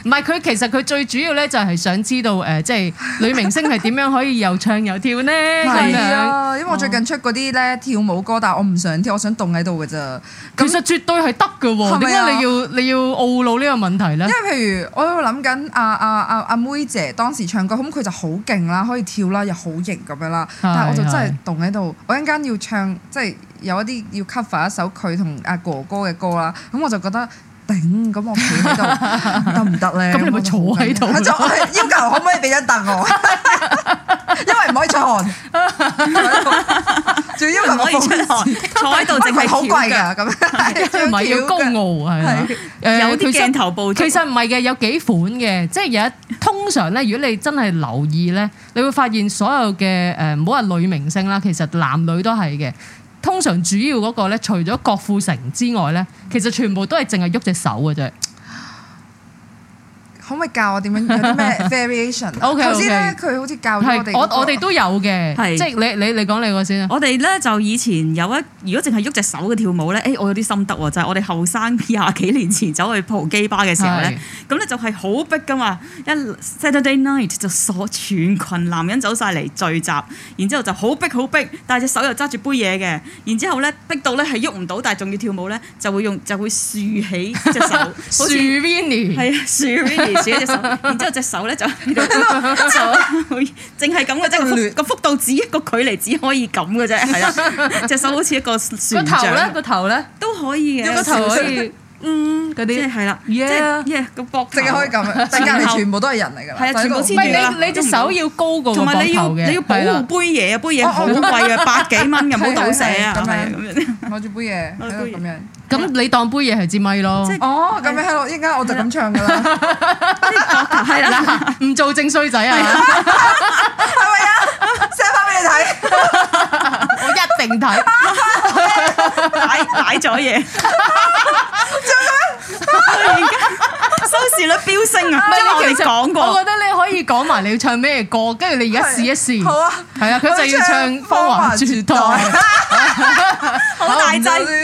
唔係，佢其實佢最主要咧就係想知道誒，即係女明星係點樣可以又唱又跳咧？係啊，因為我最近出
嗰啲咧跳舞歌，但我唔想跳，我想動喺度㗎咋。其實絕對係得㗎喎，點解你要
你要懊惱呢個問題咧？因為譬如
我喺度諗緊阿阿阿阿妹姐當時唱歌，咁佢就好勁啦，可以跳啦，又好型咁樣啦，但係我就真係動喺度，我一陣間要唱即係。有一啲要 cover 一首佢同阿哥哥嘅歌啦，咁我就覺得頂，咁我行
行 坐喺度得唔得咧？咁你咪坐喺度，要求
可唔可以俾一凳我？因為唔可以出汗，仲 要求唔可以出汗， 坐喺度定係好貴㗎咁樣，
唔係 要高傲係誒。其實唔係嘅，有幾款嘅，即係有通常咧。如果你真係留意咧，你會發現所有嘅誒，唔好話女明星啦，其實男女都係嘅。通常主要嗰個咧，除咗郭富城之外咧，其實全部都係淨係喐隻手嘅啫。
可唔可以教我點樣有啲咩 variation？
頭先咧，
佢好似教我哋。我我哋都有嘅，即係是你你你講你個先
啊！我哋咧就以前有一，如果淨係喐隻手嘅跳舞咧，誒、欸、我有啲心得喎，就係、是、我哋後生廿幾年前走去蒲基巴嘅時候咧，咁咧是就係好逼噶嘛，一 Saturday night 就鎖全群男人走晒嚟聚集，然之後就好逼好逼，但係隻手又揸住杯嘢嘅，然之後咧逼到咧係喐唔到，但係仲要跳舞咧，就會用就會豎起隻手，豎
mini，係啊，豎 mini
一隻手，然之後手 隻手咧就手，淨係咁嘅啫，個幅度只一個距離只可以咁嘅啫，係啦，隻手好似一個船長，個頭咧個頭咧都可以嘅，個頭可以。 嗯，嗰啲係啦，即係，即係個膊頭可以咁，整隔籬全部都係人嚟㗎啦，唔係你你隻手要高過個膊頭嘅，你要保護杯嘢，杯嘢好貴嘅，百幾蚊
嘅，唔好倒瀉啊，咁樣
攞住杯嘢，咁
樣咁你當杯嘢係支咪咯，哦，咁咪係咯，依家我就咁唱㗎啦，係啦，唔做正衰仔啊，係
咪啊，send 翻俾你睇，我一定睇。擺擺咗嘢， 收視率
飆升啊！唔係你其實講過，我覺得你可以講埋你要唱咩歌，跟住你而家試一試，好啊，係啊，佢就要唱《芳華絕代》，好大劑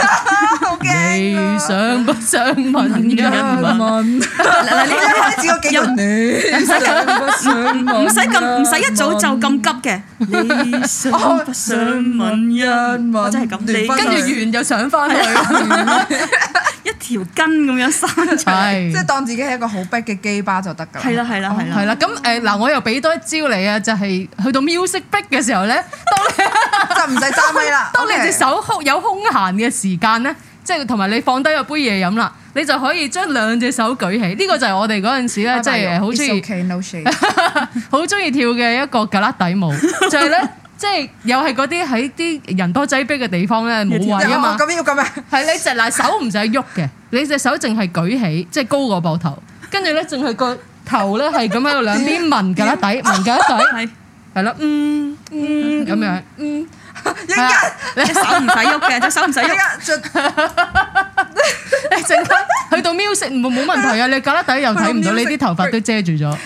你想不想吻一吻？嗱，呢一開始我記得你唔使咁，唔使咁，唔使一早就
咁急嘅。你想不想吻一吻？我真係咁你，跟住完就上翻去，一條筋咁樣生出嚟，即係當
自
己係一個好逼嘅基巴就得噶。係啦，係啦，係啦，係啦。咁誒嗱，我又俾多一招你啊，就係去到 music 逼嘅時候咧，當就唔使揸佢啦。當你隻手空有空閒嘅時間咧。即係同埋你放低個杯嘢飲啦，你就可以將兩隻手舉起，呢個就係我哋嗰陣時咧，即係好中意，好中意跳嘅一個格拉底舞。就係咧，即係又係嗰啲喺啲人多擠逼嘅地方咧，冇位啊嘛。咁要咁啊？係你隻嗱手唔使喐嘅，你隻手淨係舉起，即係高過膊頭。跟住咧，淨係個頭咧係咁喺度兩邊聞格拉底，聞格拉底，係啦，嗯嗯，咁樣，嗯。依家你手唔使喐嘅，隻手唔使喐。依家，一陣間，去到 music 冇冇問題啊！你覺得睇又睇唔到，你啲頭髮都遮住咗，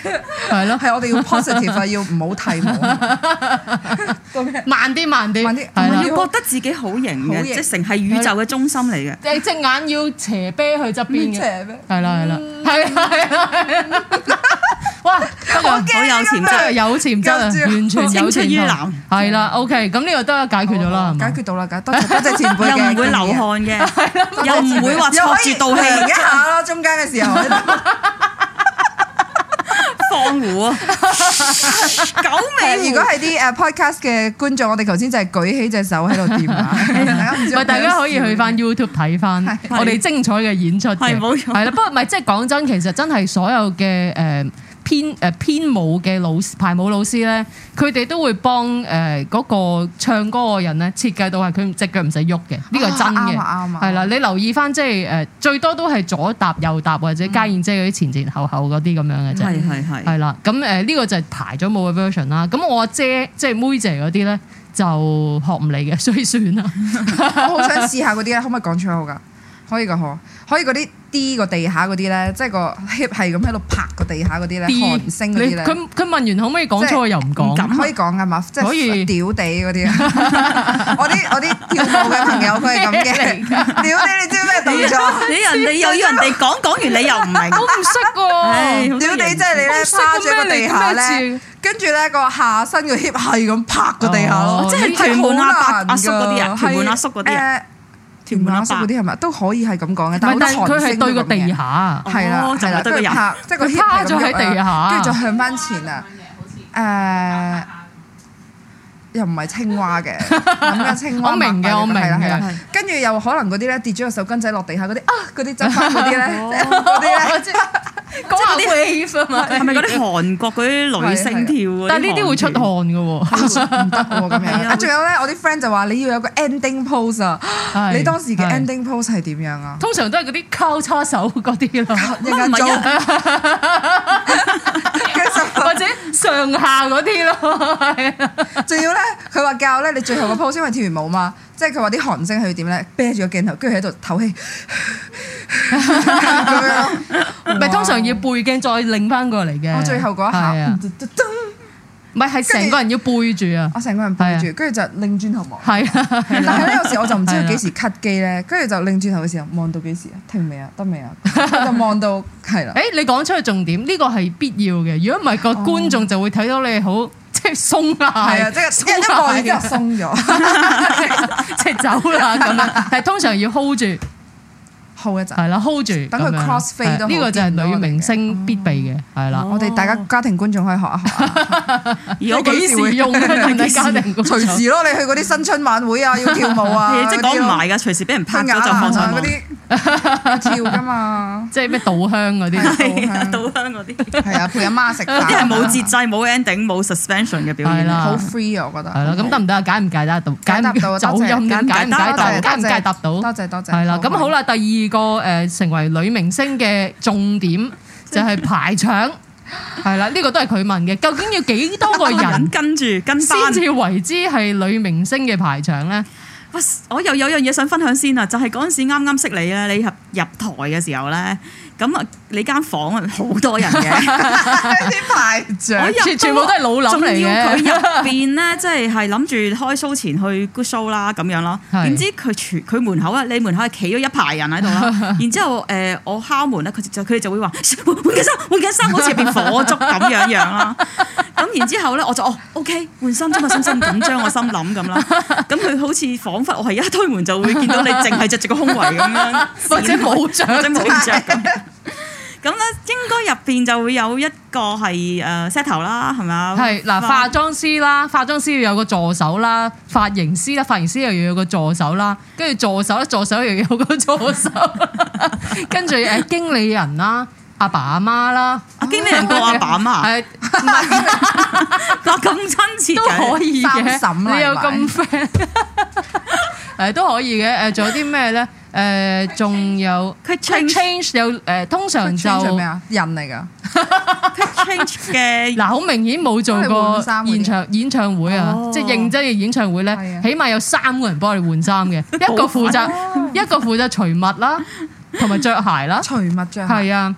係咯。係我哋要 positive 啊，要唔好剃毛。慢啲，慢啲，慢啲。係啦，要覺得自己好型嘅，即成
係宇宙嘅中心嚟嘅。
誒隻眼要斜啤去側邊嘅，係啦係啦，係啦係啦。哇！好有潛質，有潛質，完全有潛力。係啦，OK，咁呢個都解決咗啦，解決到啦，解決。又唔會流
汗嘅，又唔會話錯住道氣嘅，一下咯，
中間嘅時候放虎啊！九尾。
如果係啲誒 Podcast 嘅觀眾，我哋頭先就係舉起隻手喺度掂
下！唔係，大家可以去翻 YouTube 睇翻我哋精彩嘅演出嘅，係啦。不過唔係，即係講真，其實真係所有嘅誒。編誒編舞嘅老排舞老師咧，佢哋都會幫誒嗰、呃嗰個唱歌嘅人咧設計到係佢隻腳唔使喐嘅，呢個、啊、真嘅，係啦、啊啊啊。你留意翻即係誒、呃，最多都係左搭右搭或者家燕姐嗰啲前前後後嗰啲咁樣嘅啫，係係係。係啦，咁誒呢個就係排咗舞嘅 version 啦。咁我阿姐即係妹姐嗰啲咧就學唔嚟嘅，所以算啦。哈哈 我好想試下
嗰啲咧，可唔可以講出口㗎？可以噶嗬，可以嗰啲 D 個地下嗰啲咧，即係個 hip 係咁喺度拍個地下嗰啲咧，韓星嗰啲咧。佢
佢問完可唔可以講錯，又唔講，可
以講噶嘛？即係可以屌地嗰啲，我啲我啲跳舞嘅朋友佢係咁嘅。屌地你知
咩動作？你又要人哋講，講完你又唔明。我唔識喎。屌地即係你咧叉住個地下咧，
跟住咧個下身個 hip 係咁拍個地下咯。即係屯門阿叔嗰啲人，屯門阿叔嗰啲。條黃色嗰啲係咪都可以係咁講嘅？是但係好多韓星都係咁嘅，佢係對個地下，係啦、哦的，就係、是、對個即係個 hit 咁樣喺地下，跟住再向翻前哇啊！誒。又唔係青蛙嘅，諗緊青蛙。我明嘅，我明。係啦係啦，跟住又可能嗰啲咧跌咗個手巾仔落地下嗰啲啊，嗰啲執翻嗰啲咧，嗰啲講下 wave 啊嘛。係咪嗰啲
韓國嗰啲女星跳？但係呢啲會出汗
㗎喎，唔得喎咁樣。仲有
咧，我啲 friend 就話你要有個 ending pose 啊，你當時嘅 ending pose 係點樣啊？
通常都係嗰啲交叉手嗰啲啦，日日做。或者上下嗰啲咯，
仲要咧，佢話教咧，你最後個 pose，因為跳完舞嘛，即係佢話啲韓星係要點咧，啤住個鏡頭，跟住喺度唞氣，咁 樣，唔係通常
要背鏡再擰翻過嚟嘅。哇我最後嗰一下，噔。唔係，係成個人要背住啊！我成個人背住，跟住、啊、就擰轉頭望。係啊，但係呢，有時我就唔知佢幾時
cut 機咧，跟住、啊、就擰轉頭嘅時候望到幾時到啊？停未啊？得未啊？就望到係
啦。誒，你講出去重點，呢、呢個係必要嘅。如果唔係個觀眾就會睇到你好、哦、即係鬆啊，係啊，即係鬆咗，即係 走啦咁樣。係通常要 hold 住。一陣，係啦，hold 住，等佢 crossfade 都，呢個就係女明星必備嘅，係啦，哦、我哋大家家庭觀眾可以學一學一。而 我幾時， 時會用？
幾時？隨時咯，你去嗰啲新春晚會啊，要跳舞啊，嗰啲都賣噶，
隨時俾人拍就放上啲。
跳噶嘛，即係咩稻香嗰啲，稻香嗰啲，係啊陪阿媽食飯，
一係冇節制，冇 ending，冇 suspension 嘅表演，好 free，我覺得係咯，咁得唔
得啊？解唔解得到？解答到，走音嘅解唔解得？解唔解答到？多謝多謝，係啦，咁好啦，第二個誒，成為女明星嘅重點就係排場，係啦，呢個都係佢問嘅，究竟要幾多個人跟住，跟先至為之係女明星嘅排場咧？我又有樣嘢想分
享先啊，就係嗰陣時啱啱識你啦，你入入台嘅時候咧。咁啊！你間房啊，好多人嘅啲排長，全全部都係老諗嚟要佢入邊咧，即係係諗住開 show 前去 good show 啦是的，咁樣咯。點知佢全佢門口啊，你門口係企咗一排人喺度啦。然之後誒、呃，我敲門咧，佢就佢哋就會話換換件衫，換件衫，好似入邊火燭咁樣樣啦。咁然之後咧，我就哦 OK，換衫，今日心心緊張，我心諗咁啦。咁佢好似彷彿我係一推門就會見到你，淨係着住個胸圍咁樣，或者冇着，或者冇著。咁咧，應該入邊就會有一個係誒 set 頭啦，係咪啊？係嗱，化
妝師啦，化妝師要有個助手啦，髮型師啦，髮型師又要有個助手啦，跟住助手，助手又要有個助手，跟住誒經理人啦。阿爸阿媽啦，經理人過阿爸阿媽，係嗱，咁親切都可以嘅，三嬸你有咁 friend，誒都可以嘅。誒仲有啲咩咧？誒仲有，佢 change 有誒，通常就咩？人嚟㗎，change 嘅嗱，好明顯冇做過演唱演唱會啊，即係認真嘅演唱會咧，起碼有三個人幫你換衫嘅，一個負責，一個負責除襪啦，同埋着鞋啦，除襪着鞋，係啊。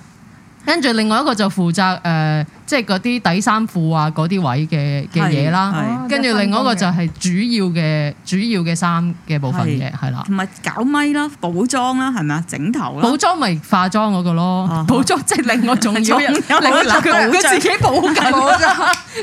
跟住另外一個就負責，uh 即係嗰啲底衫褲啊，嗰啲位嘅嘅嘢啦，跟住另外一個就係主要嘅主要嘅衫嘅部分嘅，係啦。同
埋搞咪啦，補妝啦，係咪啊？整頭啦。補
妝咪化妝嗰個咯，補妝即係另
外一種嘢。另外佢自己補緊，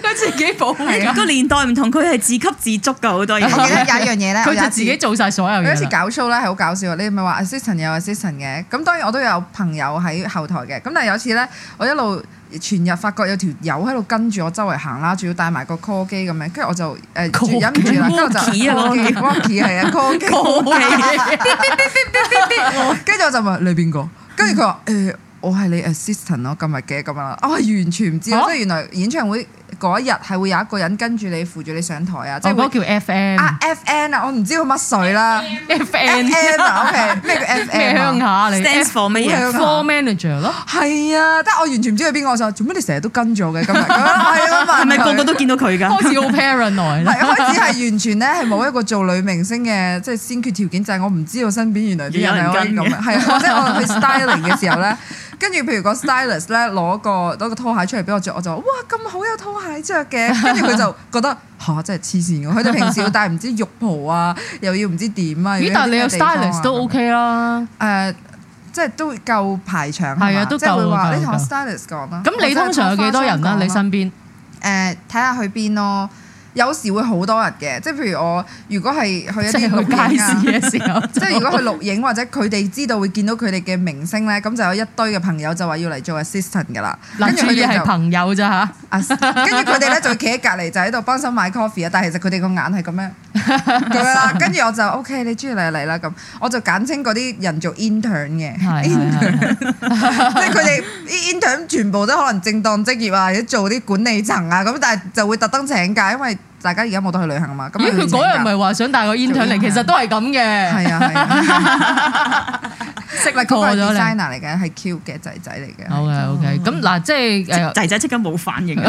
佢自己補嘅。個年
代唔同，佢係自給自足嘅好多嘢。有一樣嘢咧，佢就自己做晒所有嘢。有一次搞
show 咧，係好搞笑。你咪係話 season 有啊 season 嘅？咁當然我都有朋友喺後台嘅。咁但係有次咧，我一路。全日發覺有條友喺度跟住我周圍行啦，仲要帶埋個 call 機咁樣，跟住我就誒忍唔住啦，跟住基就 call 機 walkie 係啊，call 機 call 機，跟住我就問你邊個，跟住佢話誒我係你 assistant 咯，今日嘅咁樣，我、哦、係完全唔知，即係原來演唱會。嗰一日係會有一個人跟住你扶住你上台啊！即係會叫 F N 啊 F N 啊！我唔知佢乜水啦。F N 啊，OK 咩叫 F N？鄉下嚟。Stands for 咩？For manager 咯。係啊，但係我完全唔知佢邊個咋。做乜？你成日都跟咗嘅？今日係啊，係咪個個
都見到佢㗎？開始有
paranoid
啦。係開始係完全咧係冇一個做女明星嘅即係先決條件就係我唔知道身邊原來啲人係可以咁。係即係我去 styling 嘅時候咧。跟住譬如個 stylist 咧攞個攞個拖鞋出嚟俾我着，我就哇咁好有拖鞋着嘅，跟住佢就覺得吓，真係黐線嘅，佢哋平時要帶唔知浴袍啊，又要唔知點啊，但係你有 stylist 都 OK 啦，誒、呃，即係都夠排場係啊，即係會話了你同 stylist 講啦。咁你通常有幾多人啦啊？你身
邊誒
睇下去邊咯。有時會好多日嘅，即係譬如我如果係去一啲錄影街市嘅時候，即係如果去錄影或者佢哋知道會見到佢哋嘅明星咧，咁就有一堆嘅朋友就話要嚟做 assistant 噶啦。跟住佢哋係朋友咋嚇？跟住佢哋咧就企喺隔離，就喺度幫手買 coffee 啊，但係其實佢哋個眼係咁樣咁樣啦。跟住我就 OK，你中意嚟嚟啦咁。我就簡稱嗰啲人做 intern 是 intern 嘅，即係佢哋啲 intern 全部都可能正當職業啊，或者做啲管理層啊咁，但係就會特登請假，因為大家而家冇得去旅行啊嘛，咁佢嗰日唔係話
想帶個 intern 嚟，其實都係咁嘅。係啊，識埋錯咗啦。Designer
嚟嘅，係 Q 嘅仔仔嚟嘅。
OK，OK，咁嗱，即係誒仔仔即刻冇反應啊。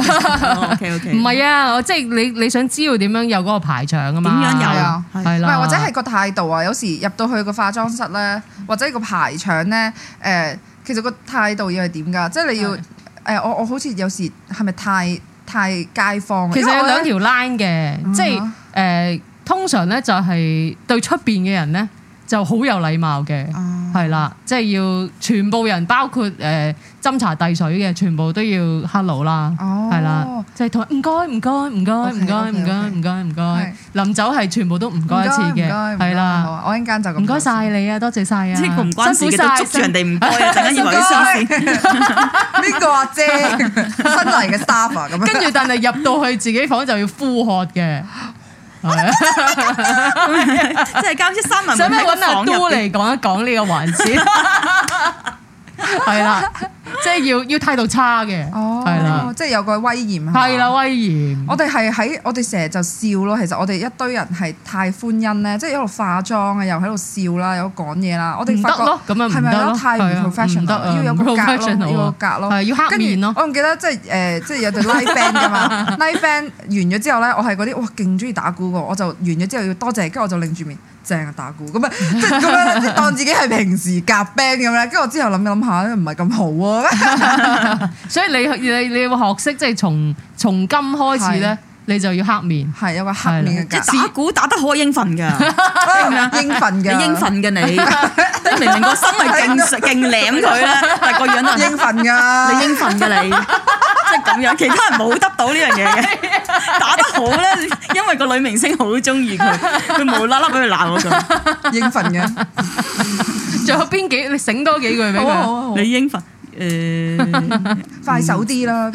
OK，OK。唔係啊，即係你你想知道點樣有嗰個排場啊嘛？點樣有啊？係啦。唔係，或者係
個態度啊？有時入到去個化妝室咧，或者個排場咧，誒，其實個態度要係點㗎？即係你要誒，我我好似有時係咪太？係街坊，其實有兩條
line 嘅，即係誒、呃、通常咧就係對出邊嘅人咧就好有禮貌嘅。嗯。係啦，即係要全部人包括誒斟茶遞水嘅，全部都要 hello 啦，係啦，即係同佢唔該唔該唔該唔該唔該唔該唔該，臨走係全部都唔該一次嘅，係啦，我一間就咁，唔該晒你啊，多謝晒啊，辛苦晒，人哋唔該晒呢，邊個阿姐新嚟嘅 staff 啊，跟住但係入到去自己房就要呼喝嘅。
係啊， 即係教啲新聞喺度嚟
講一講呢個環節。 係啦，即係要要態度差嘅，哦、oh, 了，係啦，即係有個威嚴啊，係啦，威嚴。我哋係喺我哋
成日就笑咯，其實我哋一堆人係太歡欣咧，即係一路化妝啊，又喺度笑啦，又講嘢啦，我哋發覺咁啊，係咪咯，咯，咯？太唔 professional，要有個格咯，professional 要有個格咯，係要黑面咯。我唔記得即係誒，即係、呃、有隊 live band 噶嘛 live band 完咗之後咧，我係嗰啲哇勁中意打鼓嘅，我就完咗之後要多謝，謝，跟住我就擰住面。正啊，打鼓咁啊，即係咁樣，即係當自己係平
時夾 band 咁咧，跟住我之後諗一下咧，唔係咁好喎、啊。 所以你你你學會學識即係從從今開始咧，對 你就要黑面。係一個黑面嘅。對了 即打鼓打得好英份㗎、 哦，英份㗎，你英份㗎你。 明明個心係勁勁舐佢啦，但係個樣都應份噶，英
你應份噶你，即係咁樣。其他人冇得到呢樣嘢嘅， 打得好咧，因為個女明星好中意佢，佢無啦啦俾佢鬧咁，應份嘅。仲
有邊幾？你醒多幾句俾佢，
你應份。
誒快手啲啦，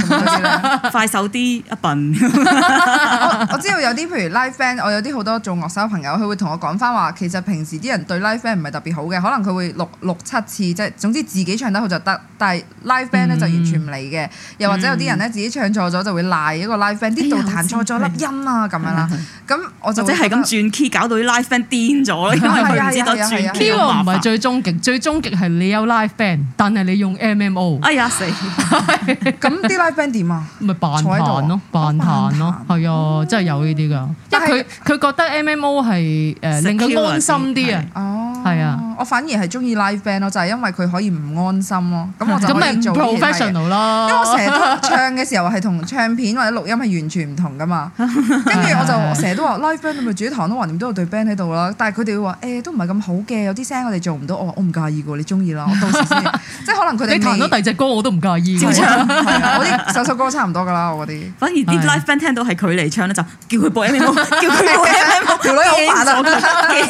快手啲一笨
我知道有啲譬如 live band 我有啲好多做樂手朋友，佢會同我講翻話，其實平時啲人對 live band 唔係特別好嘅，可能佢會六六七次，即係總之自己唱得好就得。但係 live band 咧就完全唔嚟嘅。又或者有啲人咧自己唱錯咗就會賴一個 live band 啲度彈錯咗粒音啊咁，
哎、呦樣啦。咁，哎、呦我就即係咁轉 key 搞到啲 live band 癲咗，因為佢知道轉 key 唔係、 哦、最
終極，最終極係你有 live band 但係你用、MM、M。哎呀死！咁啲 live band 點就啊？咪扮彈咯、啊，扮彈咯，係 啊，真係有呢啲噶，因為佢佢覺得 MMO 係誒令佢安心啲啊，哦，係啊。
我反而係中意 live band 咯，就係因為佢可以唔安心咯，咁我就可以做嘢。professional 咯，因為我成日都唱嘅時候係同唱片或者錄音係完全唔同噶嘛。跟住我就成日都話 live band 咪住堂都橫掂都有隊 band 喺度啦。但係佢哋會話誒，都唔係咁好嘅，有啲聲我哋做唔到。我我唔介意噶喎，你中意啦。我到時即係可能佢哋你彈咗第二隻歌我都唔介意。照唱，我啲
首首歌差唔多噶啦。我啲反而啲 live band 聽到係佢嚟唱咧，就叫佢播 M M，叫佢播 M M，條女又煩啦，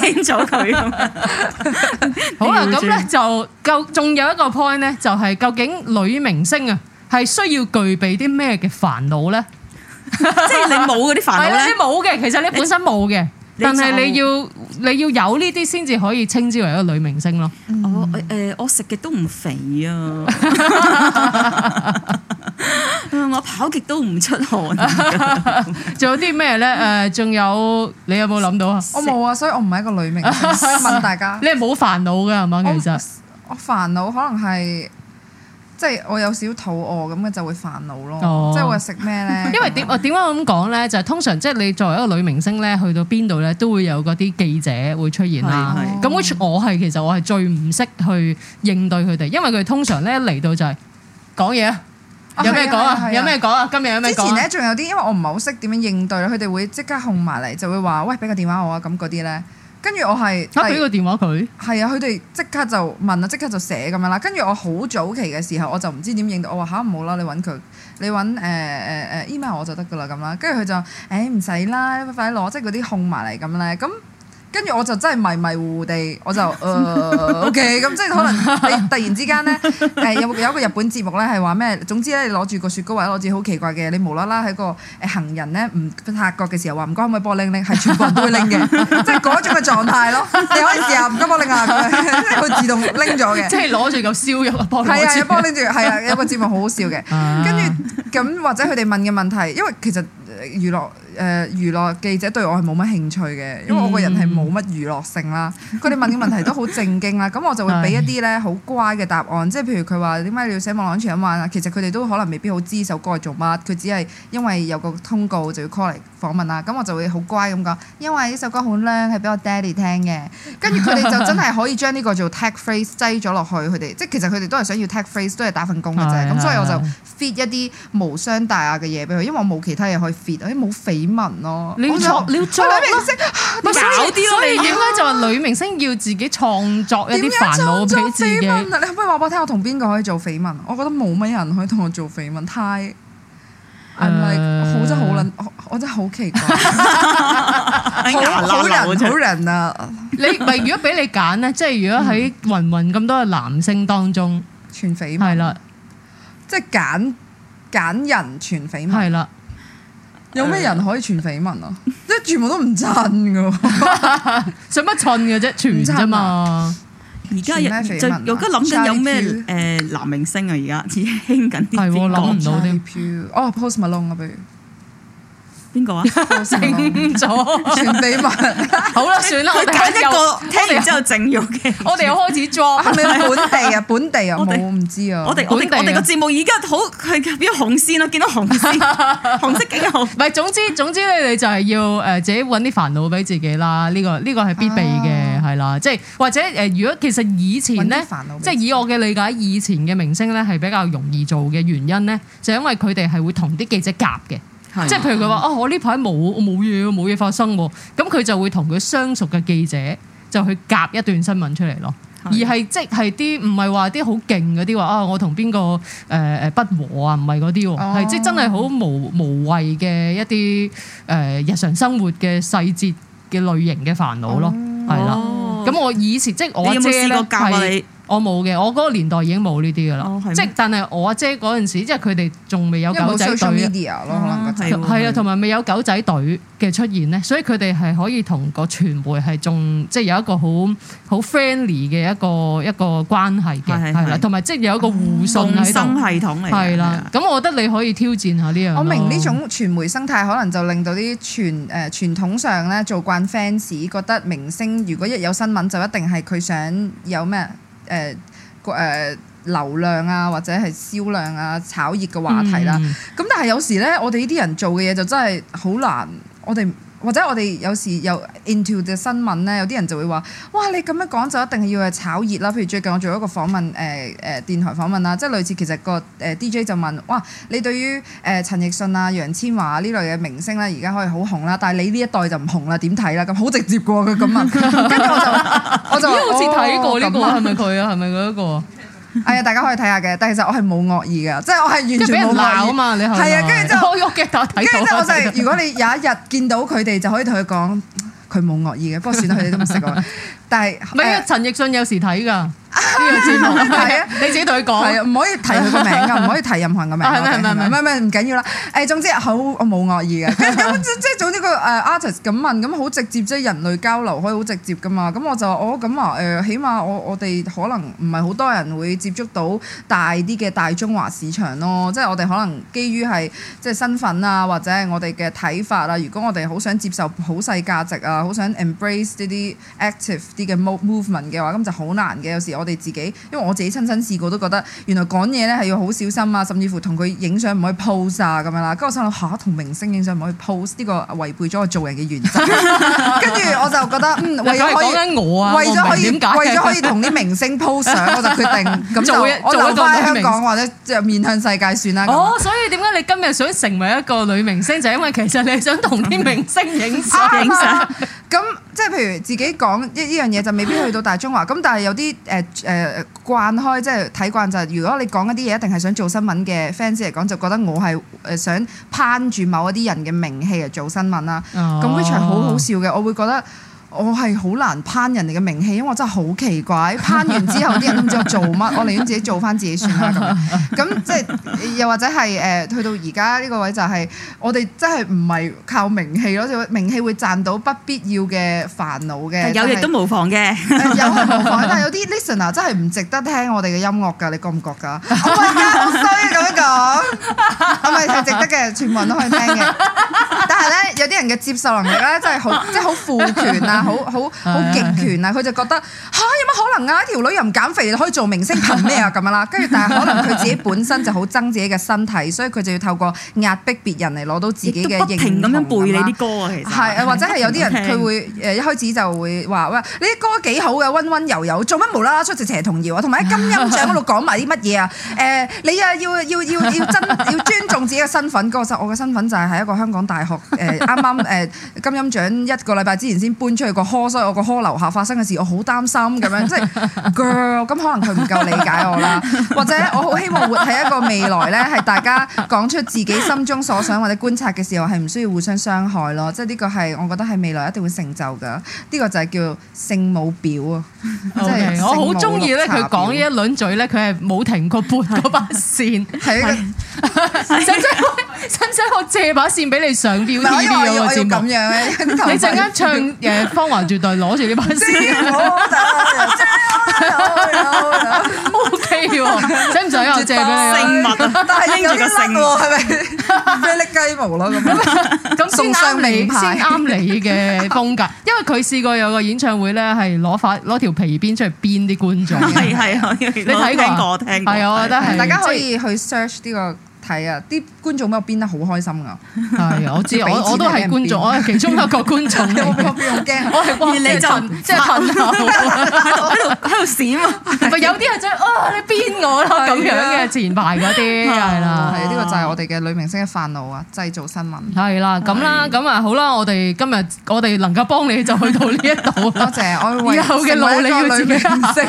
驚咗佢。
好啊，咁咧就，夠，仲有一個 point 咧，就係究竟女明星啊，係需要具備啲咩嘅煩惱咧？
即係你冇嗰啲煩惱咧？冇嘅，
其實你本身冇嘅，但係你要，你要有呢啲先至可以稱之為一個女明星咯。我誒，我食極都唔肥啊。我跑極都唔出汗，仲有啲咩咧？誒，仲有你有冇諗到啊？我冇啊，所以我唔係一個女明星。問大家，你係冇煩惱噶係嘛？其實
我煩惱可能係即係我有少肚餓咁嘅，就會煩惱咯。即係會食咩咧？
因為點啊？點解我咁講咧？就係通常即係你作為一個女明星咧，去到邊度咧都會有嗰啲記者會出現啦。咁 which 我係其實我係最唔識去應對佢哋，因為佢通常咧嚟到就係講嘢。有咩講啊？有咩講啊？啊啊啊，今日有咩講、啊？之前咧仲
有啲，因為我唔係好識點樣應對，佢哋會即刻控埋嚟，就會話：喂，俾個電話我啊，咁嗰啲咧。跟住我係打俾個電
話佢，
係啊，佢哋即刻就問啊，即刻就寫咁樣啦。跟住我好早期嘅時候，我就唔知點應對，我話吓、唔好啦，你揾佢，你揾誒誒 email 我就得㗎啦咁啦。跟住佢就誒唔使啦，欸、快攞，即係嗰啲控埋嚟咁咧咁。跟住我就真係迷迷糊糊地，我就誒 O K，咁即係可能你突然之間咧誒有有個日本節目咧係話咩？總之咧你攞住個雪糕或者攞住好奇怪嘅，你無啦啦喺個誒行人咧唔察覺嘅時候話唔該可唔可以幫我拎拎，係全部人都會拎嘅，即係嗰種嘅狀態咯。你時候可以試唔該幫拎下，佢自動拎咗嘅。即係攞住嚿燒肉幫拎。係啊，有幫拎住，係啊，有個節目好好笑嘅。跟住咁或者佢哋問嘅問題，因為其實。娛樂誒、呃、娛樂記者對我係冇乜興趣嘅，因為我個人係冇乜娛樂性啦。佢哋、嗯、問嘅問題都好正經啦，咁 我就會俾一啲咧好乖嘅答案。即係譬如佢話點解你要寫網絡安全隱患啊？其實佢哋都可能未必好知首歌係做乜，佢只係因為有個通告就要 call 你訪問啦，咁我就會好乖咁講，因為呢首歌好靚，係俾我 daddy 聽嘅。跟住佢哋就真係可以將呢個做 tag phrase 擠咗落去，佢哋即係其實佢哋都係想要 tag phrase，都係打份工嘅啫。咁是所以我就 feed 一啲無傷大雅嘅嘢俾佢，因為我冇其他嘢可以 feed，誒、哎、冇緋聞咯、啊。你創從你女明星搞啲咯，所以點解就話女明星要自己創作一啲煩惱俾自己？你可唔可以話俾我聽，我同邊個可以做緋聞？我覺得冇乜人可以同我做緋聞，太～嗯、 好真好撚，我真係好奇怪，好人好人啊！
你咪如果俾你揀咧，即係如果喺芸芸咁多嘅男星當中傳緋聞，係啦了，即係
揀揀人傳緋聞，係啦了。有咩人
可以傳緋聞啊？
即係、uh，全部都唔襯嘅，
使乜襯嘅啫？傳啫嘛？嗯
而家又而家諗緊有咩誒男明星啊？而家而興緊啲。係喎，諗唔到
添。哦，Post Malone 啊，不如邊個啊？升
咗。全備文。好啦，算啦，我哋揀一個聽完之後正要嘅。我哋又開始裝。係咪本地啊？
本地啊？我唔知啊。我哋我哋個
節目而家好係變紅線咯，見到紅線，紅
色警告。唔係，總之總之，你你就係要誒自己揾啲煩惱俾自己啦。呢個呢個係必備嘅。係啦，即係或者誒，如果其實以前咧，即係以我嘅理解，以前嘅明星咧係比較容易做嘅原因咧，就係因為佢哋係會同啲記者夾嘅，即係是的 譬如佢話啊，我呢排冇冇嘢，冇嘢發生，咁佢就會同佢相熟嘅記者就去夾一段新聞出嚟咯。是的 而係即係啲唔係話啲好勁嗰啲話啊，我同邊個誒誒不和啊，唔係嗰啲，係、哦、即係真係好無無謂嘅一啲誒日常生活嘅細節嘅類型嘅煩惱咯。嗯係啦，咁我以前即係我姐咧係。我冇嘅，我嗰個年代已經冇呢啲噶啦，即係但係我阿姐嗰陣時，即係佢哋仲未有狗仔隊咯，係啊，同埋未有狗仔隊嘅出現咧，所以佢哋係可以同個傳媒係仲即係有一個好好 friendly 嘅一個一個關係嘅，係啦，同埋即係有一個互信嘅新系統嚟係啦。咁我覺得你可以挑戰下呢樣。我明呢種
傳媒生態可能就令到啲傳誒傳統上咧做慣 fans 覺得明星，如果一有新聞就一定係佢想有咩？誒個誒流量啊，或者係銷量啊，炒熱嘅話題啦、啊。咁、嗯、但係有時咧，我哋呢啲人做嘅嘢就真係好難，我哋。或者我哋有時有 into 嘅新聞咧，有啲人就會話：哇！你咁樣講就一定係要係炒熱啦。譬如最近我做一個訪問，誒、呃、誒電台訪問啦，即係類似其實個誒 DJ 就問：哇！你對於誒陳奕迅啊、楊千嬅啊呢類嘅明星咧，而家可以好紅啦，但係你呢一代就唔紅啦，點睇啦？咁好直接佢咁問。跟住我就好似睇過呢、呢個係咪佢啊？
係咪佢一個？
係啊， 大家可以睇下嘅，但係其實我係冇惡意嘅，即係我係完全冇鬧啊嘛，你係啊，跟住之後我喐嘅，跟住之後我就係，如果你有一日見到佢哋，就可以同佢講佢冇惡意嘅，不過算啦，佢哋都唔識講。但係，唔係啊！陳奕迅有時睇㗎呢個節目係啊，你自己同佢講，唔可以提佢個名㗎，唔可以提任何人個名。係唔係唔係唔緊要啦。誒，總之好，我冇惡意嘅。即係總之個誒 artist 咁問，咁好直接即係人類交流可以好直接㗎嘛？咁我就我咁話誒，起碼我我哋可能唔係好多人會接觸到大啲嘅大中華市場咯。即係我哋可能基於係即係身份啊，或者係我哋嘅睇法啊。如果我哋好想接受普世價值啊，好想 embrace 呢啲 active。嘅 movement 嘅話，咁就好難嘅。有時我哋自己，因為我自己親身試過，都覺得原來講嘢咧係要好小心啊，甚至乎同佢影相唔可以 pose 啊咁樣啦。跟住我心諗吓，同明星影相唔可以 pose，呢個違背咗我做人嘅原則。跟住我就覺得，嗯，為咗可以，為咗可以，為咗可以同啲
明星 pose 相，我就決定咁就我留返香港
或者就面向世界算啦。哦，
所以點解你今日想成為一個女明星，就因為其實你想同啲明星
影相影相咁？即係譬如自己講一呢樣嘢就未必去到大中華，咁但係有啲誒誒慣開，即係睇慣就係，如果你講一啲嘢一定係想做新聞嘅 fans 嚟講，就覺得我係誒想攀住某一啲人嘅名氣嚟做新聞啦。咁 which 係好好笑嘅，我會覺得。我係好難攀人哋嘅名氣，因為我真係好奇怪。攀完之後，啲人都唔知我做乜。我寧願自己做翻自己算啦。咁，咁即係又或者係誒，去到而家呢個位就係、是、我哋真係唔係靠名氣咯，因名氣會賺到不必要嘅煩惱嘅。有嘢都
無妨嘅，有係無妨，但係有
啲 listener 真係唔值得聽我哋嘅音樂㗎，你覺唔覺㗎、哦？我而家好衰啊！咁樣講，咪係值得嘅，全部人都可以聽嘅。但係咧，有啲人嘅接受能力咧，真係好，即係好父權啊！好好好極權啊！佢就覺得嚇。 可能啊，條女又唔減肥，可以做明星憑咩啊咁樣啦？跟住但係可能佢自己本身就好憎自己嘅身體，所以佢就要透過壓迫別人嚟攞到自己嘅認同。不停咁樣背你啲
歌啊，其實係、啊、或者係有啲人佢會
誒一開始就會話喂，你啲歌幾好嘅，温温柔柔，做乜無啦啦出隻邪童謠啊？同埋喺金音獎嗰度講埋啲乜嘢啊？誒、呃，你啊要要要要真要尊重自己嘅身份。嗰、那個我身我嘅身份就係喺一個香港大學誒啱啱誒金音獎一個禮拜之前先搬出去個 hall，所以我個 hall 樓下發生嘅事，我好擔心咁樣。即係 girl，咁可能佢唔夠理解我啦，或者我好希望活喺一個未來咧，係大家講出自己心中所想或者觀察嘅時候，係唔需要互相傷害咯。即係呢個係我覺得係未來一定會成就嘅。呢個就係叫聖母表啊！我好中意咧，佢講呢
一輪嘴咧，佢係冇停過半嗰把扇。係，使唔使我借把扇俾你上表 P P T 嗰個節目？你陣間唱《誒芳華絕代》，攞住呢把扇。借啊！O K 喎，使唔使又借俾你但係應住性喎，係咪
咩？拎雞毛咯
咁，咁先啱你，先啱你嘅風格。因為佢試過有個演唱會咧，係攞發攞條皮鞭出去鞭啲觀眾。係，係，你睇過、嗯？聽過係，我覺得係，大家可以
去 search 呢個。睇啊！啲觀眾俾我編得好開心㗎，係啊！我知，我我都係觀眾，我係其中一個
觀眾。我邊邊好驚，我係你就即係喺度喺度閃啊！有啲係即係你編我啦咁樣嘅，前排嗰啲係啦，係呢個
就係我哋嘅女明星嘅煩惱啊！製造新聞
係啦咁啦咁啊，好啦，我哋今日我哋能夠幫你就去到呢一度。多謝我以後嘅路，女嘅顏色。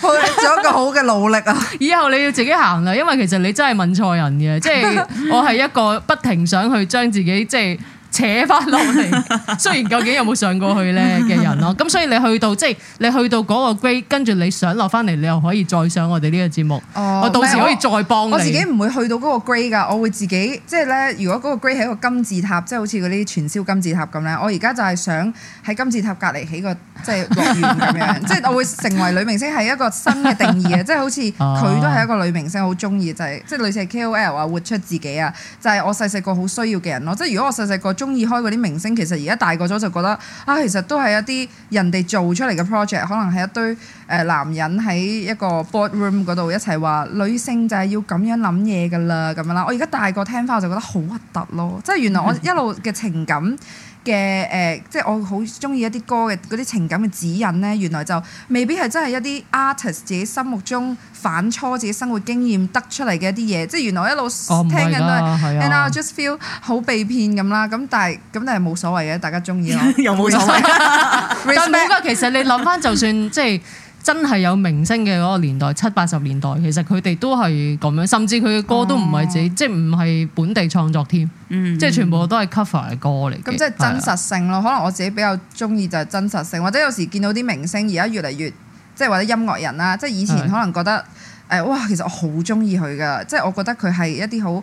做一個好嘅努力啊！ 以後你要自己行啦，因為其實你真係問錯人嘅， 即係我係一個不停想去將自己，即係。扯翻落嚟，雖然究竟有冇上過去咧嘅人咯，咁 所以你去到即係、就是、你去到嗰個 grade，跟住你想落翻嚟，你又可以再上我哋呢個節目，哦、我到時可以再幫你。我，我自己
唔會去到嗰個 grade 㗎，我會自己即係咧，如果嗰個 grade 係一個金字塔，即、就、係、是、好似嗰啲傳銷金字塔咁咧，我而家就係想喺金字塔隔離起個即係、就是、樂園咁樣， 即係我會成為女明星係一個新嘅定義，即係 好似佢都係一個女明星，好中意就係即係類似係 KOL 啊，活出自己啊，就係、是、我細細個好需要嘅人咯，即係如果我細細個中。中意開嗰啲明星，其實而家大個咗就覺得啊，其實都係一啲人哋做出嚟嘅 project，可能係一堆誒男人喺一個 boardroom 嗰度一齊話，女性就係要咁樣諗嘢㗎喇，咁樣啦。我而家大個聽返，我就覺得好核突囉，即係原來我一路嘅情感。 嘅誒、呃，即係我好中意一啲歌嘅嗰啲情感嘅指引咧，原來就未必係真係一啲 artist 自己心目中反芻自己生活經驗得出嚟嘅一啲嘢，即係原來我一路聽緊都係，and I just feel 好被騙咁啦，咁但係咁但係冇所謂
嘅，大家中意又冇所謂。但每個其實你諗翻， 就算即係。真係有明星嘅嗰個年代，七八十年代，其實佢哋都係咁樣，甚至佢嘅歌都唔係自己，oh. 即係唔係本地創作添
，mm. 即係全部
都係 cover 嘅歌嚟。咁即係真實
性咯，可能我自己比較中意就係真實性，或者有時見到啲明星而家越嚟越，即係或者音樂人啦，即係以前可能覺得，誒是的 哇，其實我好中意佢噶，即係我覺得佢係一啲好。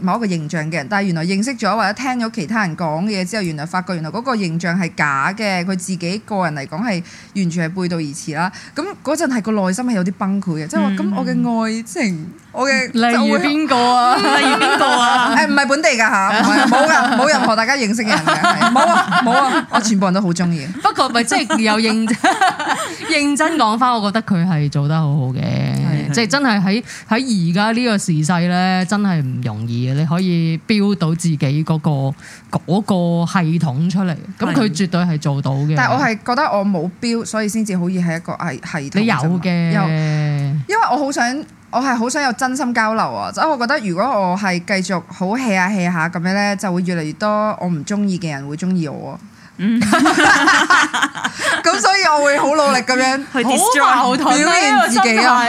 某一個形象嘅人，但係原來認識咗或者聽咗其他人講嘅嘢之後，原來發覺原來嗰個形象係假嘅，佢自己個人嚟講係完全係背道而馳啦。咁嗰陣係個內心係有啲崩潰嘅，即係、嗯、我咁我嘅愛情，我嘅例如邊個啊？會例如邊個啊？係唔係本地㗎嚇？唔係，冇 任何
大家認識嘅人嘅，冇啊冇啊！我全部人都好中意， 不過咪即係有認真認真講翻，我覺得佢係做得好好嘅。即係真係喺喺而家呢個時勢咧，真係唔容易嘅。你可以標到自己嗰個嗰個系統出嚟，咁佢的絕對係做到嘅。但係我係
覺得我冇標，所以先至可以係一個係
系統。你有嘅，
因為我好想我係好想有真心交流啊。即係我覺得如果我係繼續好戲下戲下咁樣咧，就會越嚟越多我唔中意嘅人會中意我。嗯，咁 所以我會好努力咁樣，好 表現自己啊。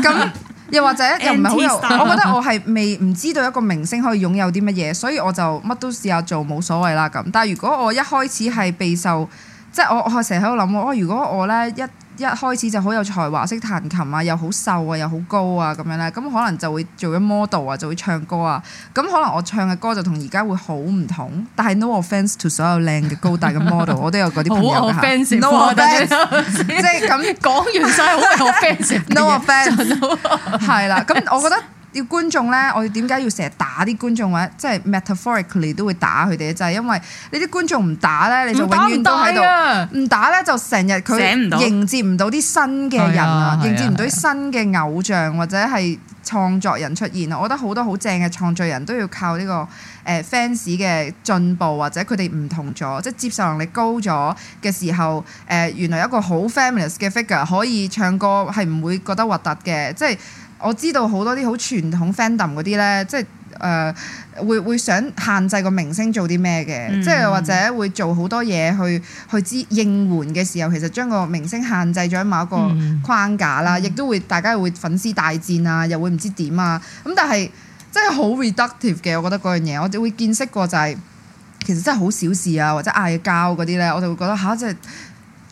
咁又 或者又唔係好有， 我覺得我係未唔知道一個明星可以擁有啲乜嘢，所以我就乜都試下做冇所謂啦。咁但係如果我一開始係備受，即係我我成日喺度諗我，如果我咧一。一開始就好有才華，識彈琴啊，又好瘦啊，又好高啊咁樣咧，咁可能就會做咗 model 啊，就會唱歌啊，咁可能我唱嘅歌就同而家會好唔同，但係 no offense to 所有靚嘅高大嘅 model，我都有嗰啲朋友嘅，no offense，即係咁講完先，我 有 fans，no offense，係啦，咁我覺得。要觀眾咧，我哋點解要成日打啲觀眾或者即係 metaphorically 都會打佢哋就係、是、因為你啲觀眾唔打咧，你就永遠都喺度唔打咧，啊、就成日佢迎接唔到啲新嘅人啊，啊啊迎接唔到啲新嘅偶像或者係創作人出現啊！我覺得好多好正嘅創作人都要靠呢個誒 fans 嘅進步或者佢哋唔同咗，即係接受能力高咗嘅時候，誒、呃、原來一個好 famous 嘅 figure 可以唱歌係唔會覺得核突嘅，即係。我知道好多啲好傳統 fandom 嗰啲咧，即係誒會會想限制個明星做啲咩嘅，即係、mm. 或者會做好多嘢去去知應援嘅時候，其實將個明星限制咗喺某一個框架啦，mm. 亦都會大家會粉絲大戰啊，又會唔知點啊，咁但係真係好 reductive 嘅，我覺得嗰樣嘢，我哋會見識過就係、是、其實真係好小事啊，或者嗌交嗰啲咧，我就會覺得嚇即係。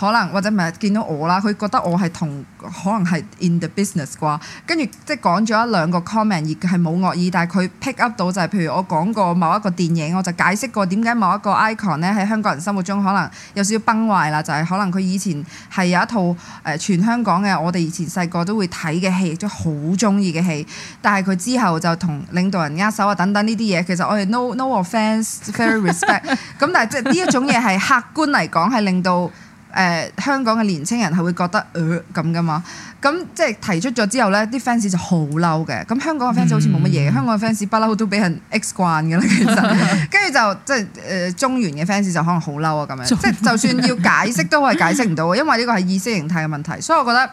可能或者唔係見到我啦，佢覺得我係同可能係 in the business 啩，跟住即係講咗一兩個 comment 亦係冇惡意，但係佢 pick up 到就係、是，譬如我講過某一個電影，我就解釋過點解某一個 icon 咧喺香港人心目中可能有少少崩壞啦，就係、是、可能佢以前係有一套誒全香港嘅，我哋以前細個都會睇嘅戲，都好中意嘅戲，但係佢之後就同領導人握手啊等等呢啲嘢，其實我哋 no no offense very respect，咁但係即係呢一種嘢係客觀嚟講係令到。誒、呃、香港嘅年青人係會覺得誒咁噶嘛？咁、嗯、即係提出咗之後咧，啲 fans 就好嬲嘅。咁香港嘅 fans 好似冇乜嘢，嗯、香港嘅 fans 不嬲都俾人 x 慣嘅啦。其實，跟住 就即係誒中原嘅 fans 就可能好嬲啊咁樣。 即係就算要解釋都係解釋唔到，因為呢個係意識形態嘅問題。所以我覺得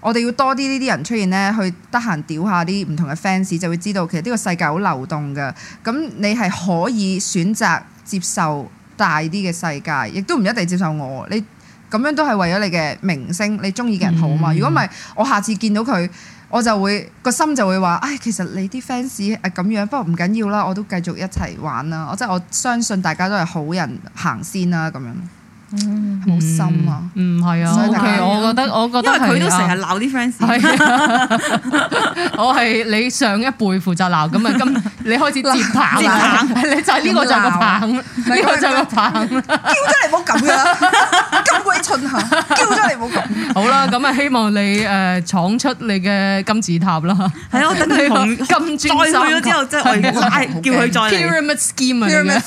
我哋要多啲呢啲人出現咧，去得閒屌下啲唔同嘅 fans，就會知道其實呢個世界好流動嘅。咁你係可以選擇接受大啲嘅世界，亦都唔一定接受我你。咁樣都係為咗你嘅明星，你中意嘅人好嘛。如果唔係，我下次見到佢，我就會個心就會話：唉，其實你啲 fans 係咁樣，不過唔緊要啦，我都繼續一齊玩啦。我即係我相信大家都係好人，行先啦咁樣。冇心啊！
唔係啊，O K，我覺得我覺得佢都成日鬧啲 fans。我係你上一輩負責鬧咁啊，咁你開始接棒，接棒你就係呢個就個棒，
呢個就個
棒。
叫得嚟冇咁啊，金鬼蠢下，叫得嚟冇咁。
好啦，咁啊，希望你誒闖出你嘅金字塔啦。係啊，我等佢紅，再去咗之後真係叫佢再嚟。Pyramid scheme，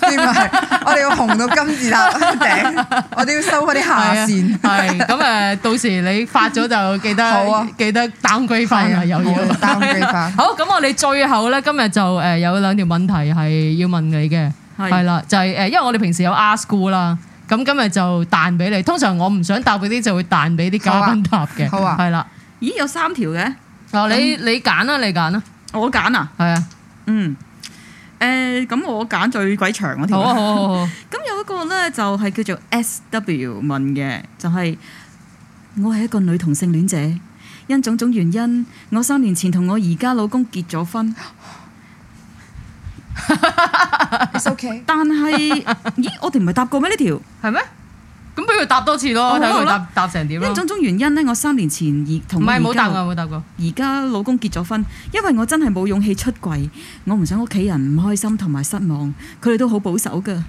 我哋要紅到金字塔頂。我哋要收嗰啲下線、啊，
係咁誒。到時你發咗就記得 好、啊、記得擔歸翻啊，又要有嘢擔歸好咁，我哋最後咧今日就誒有兩條問題係要問你嘅，係啦是、啊，就係誒，因為我哋平時有 ASKGOO 啦，咁今日就彈俾你。通常我唔想答嗰啲就會彈俾啲嘉賓答嘅，係啦、啊。啊啊、咦，有三條嘅？嗯、啊，你你揀啦，你揀啦。我揀啊？係啊，嗯。
誒，咁、欸、我揀最鬼長嗰條。咁、oh, oh, oh. 有一個咧就係、是、叫做 S.W. 問嘅，就係、是、我係一個女同性戀者，因種種原因，我三年前同我而家老公結咗婚。 ok 但係，咦，我哋唔係答過咩呢條？係咩 條？
跟住答多次咯，睇佢答答成點咯。因為種
種原因呢，我三年前而同唔係冇答過，冇答過。而家老公結咗婚，因為我真係冇勇氣出櫃，我唔想屋企人唔開心同埋失望。佢哋都好保守噶。